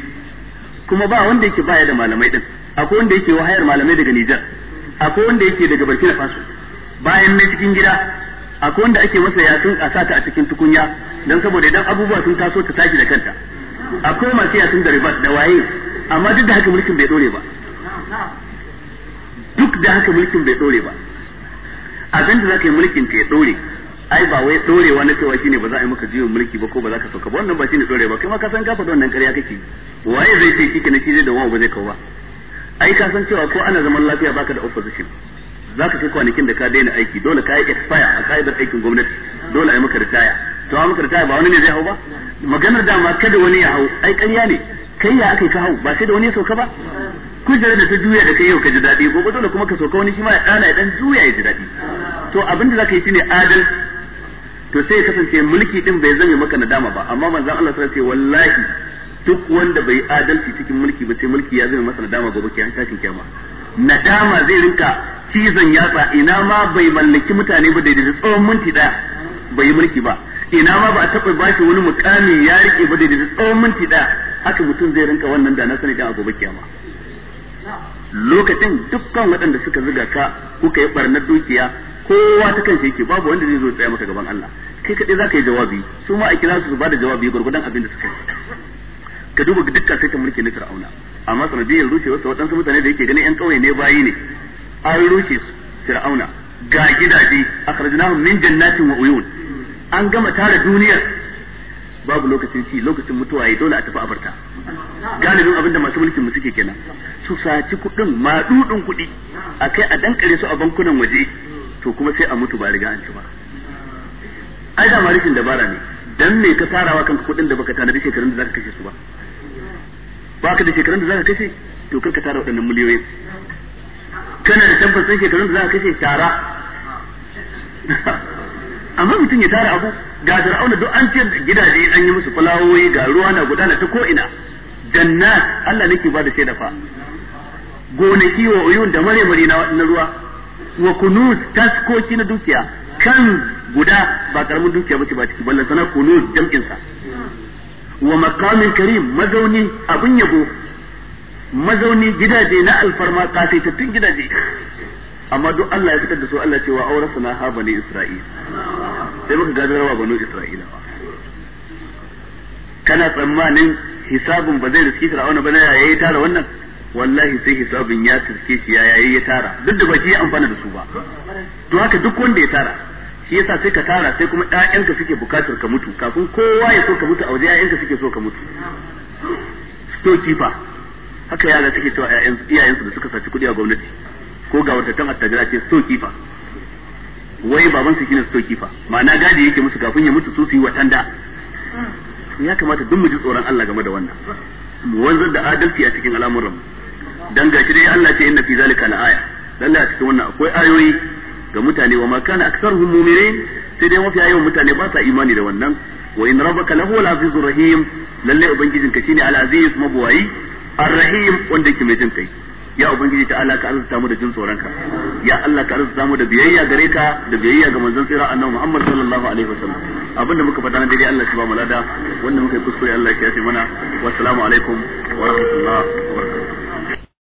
kuma ba wanda yake baya da malamai din akwai wanda yake wahayar malamai daga Nijar akwai wanda yake daga Burkina Faso bayan na cikin gida akwai wanda ake masa yatsun a sata a cikin tukunya dan saboda idan abubuwa sun taso ta tashi da kanta akwai masu yatsun da ribat da waye amma duk da haka mulkin bai dore ba duk da haka mulkin bai dore ba a abin za ka yi mulkin ka ya dore ai ba wai dorewa na cewa shine ba za a yi maka jiwon mulki ba ko ba za ka sauka ba wannan ba shine dorewa kai ma ka san ka faɗi wannan ƙarya kake waye zai ce kike na shi zai wawa ba zai kawo ba ai ka san cewa ko ana zaman lafiya baka da opposition zaka kai kwanakin da ka daina aiki dole ka yi expire a ka'idar aikin gwamnati dole ai maka ritaya to a maka ritaya ba wani ne zai hau ba maganar dama kada wani ya hau ai ƙarya ne kai ya aka ka hau ba sai da wani ya sauka ba kujerar da ta juya da kai yau ka ji daɗi gobe dole kuma ka sauka wani shi ma ya ɗana ya ɗan juya ya ji daɗi to abinda zaka yi shine adal to sai ya kasance mulki din bai zame maka nadama ba amma manzon Allah sai wallahi duk wanda bai adalci cikin mulki ba sai mulki ya zama masa nadama gobe kiyan tashin kiyama nadama zai rinka cizon yatsa ina ma bai mallaki mutane ba daidai tsawon minti daya bai yi mulki ba ina ma ba a taɓa shi wani mukami ya rike ba daidai tsawon minti daya haka mutum zai rinka wannan da na sani da a gobe kiyama lokacin dukkan waɗanda suka zuga ka kuka yi barnar dukiya kowa ta kan yake babu wanda zai zo tsaya maka gaban Allah kai kaɗai za ka yi jawabi su ma a kira su ba da jawabi gwargwadon abin da suka yi ka duba ga dukkan sai ta mulki na fir'auna amma sanadiyar rushe wasu waɗansu mutane da yake ganin yan ƙauye ne bayi ne an rushe su fir'auna ga gidaje akhrajnahum min jannatin wa uyun an gama tara duniyar babu lokacin ci lokacin mutuwa yayi dole a tafi abarta galibin abin da masu mulkin mu suke kenan su saci kuɗin maɗuɗin kuɗi a kai a dankare su a bankunan waje to kuma sai a mutu ba riga an ci ba ai da ma dabara ne dan me ka tarawa kanka kuɗin da baka tanadi shekarun da zaka kashe su ba ba ka da shekarun da za ka kashe to kar ka tara waɗannan miliyoyin kana da tabbacin shekarun da za ka kashe tara. amma mutum ya tara abu ga fir'auna duk an ce gidaje an yi musu fulawoyi ga ruwa na gudana ta ko ina jannat Allah nake ba da shaida fa gonaki wa uyun da mare mare na ruwa wa kunuz taskoki na dukiya kan guda ba karamin dukiya bace ba ciki ballan sana kunuz jam'in sa wa makamin karim mazauni abin yabo mazauni gidaje na alfarma kafaitattun gidaje amma duk Allah ya fitar da su Allah cewa aure na ha bani Isra'il sai muka gadarwa banu Isra'ila kana tsammanin hisabun ba zai riski Fir'auna ba na yayi tara wannan wallahi sai hisabun ya riske shi ya yayi ya tara duk da ba shi ya amfana da su ba to haka duk wanda ya tara shi yasa sai ka tara sai kuma ƴaƴanka suke bukatar ka mutu kafin kowa ya so ka mutu a waje ƴaƴanka suke so ka mutu stokifa haka yara suke cewa iyayensu da suka saci kuɗi a gwamnati ko ga wadatan attajira ce stokifa wai baban su shine stokifa ma'ana gadi yake musu kafin ya mutu su su yi watanda ya kamata duk mu ji tsoron Allah game da wannan mu wanzar da adalci a cikin al'amuran mu dan gashi dai Allah ce inna fi zalika la'aya lalle a cikin wannan akwai ayoyi ga mutane wa ma kana aktsaruhum sai dai mafiya yawan mutane ba sa imani da wannan wa in rabbaka lahu al-azizur rahim lalle ubangijinka shine al-aziz mabuwayi ar-rahim wanda yake mai jin kai ya ubangiji ta Allah ka arzuta mu da jin tsoronka ya Allah ka arzuta mu da biyayya gare ka da biyayya ga manzon tsira annabi Muhammad sallallahu alaihi wasallam abinda muka faɗa na dai Allah shi ba mu lada wanda muka yi kuskure Allah ya yafe mana wassalamu alaikum wa rahmatullahi wa barakatuh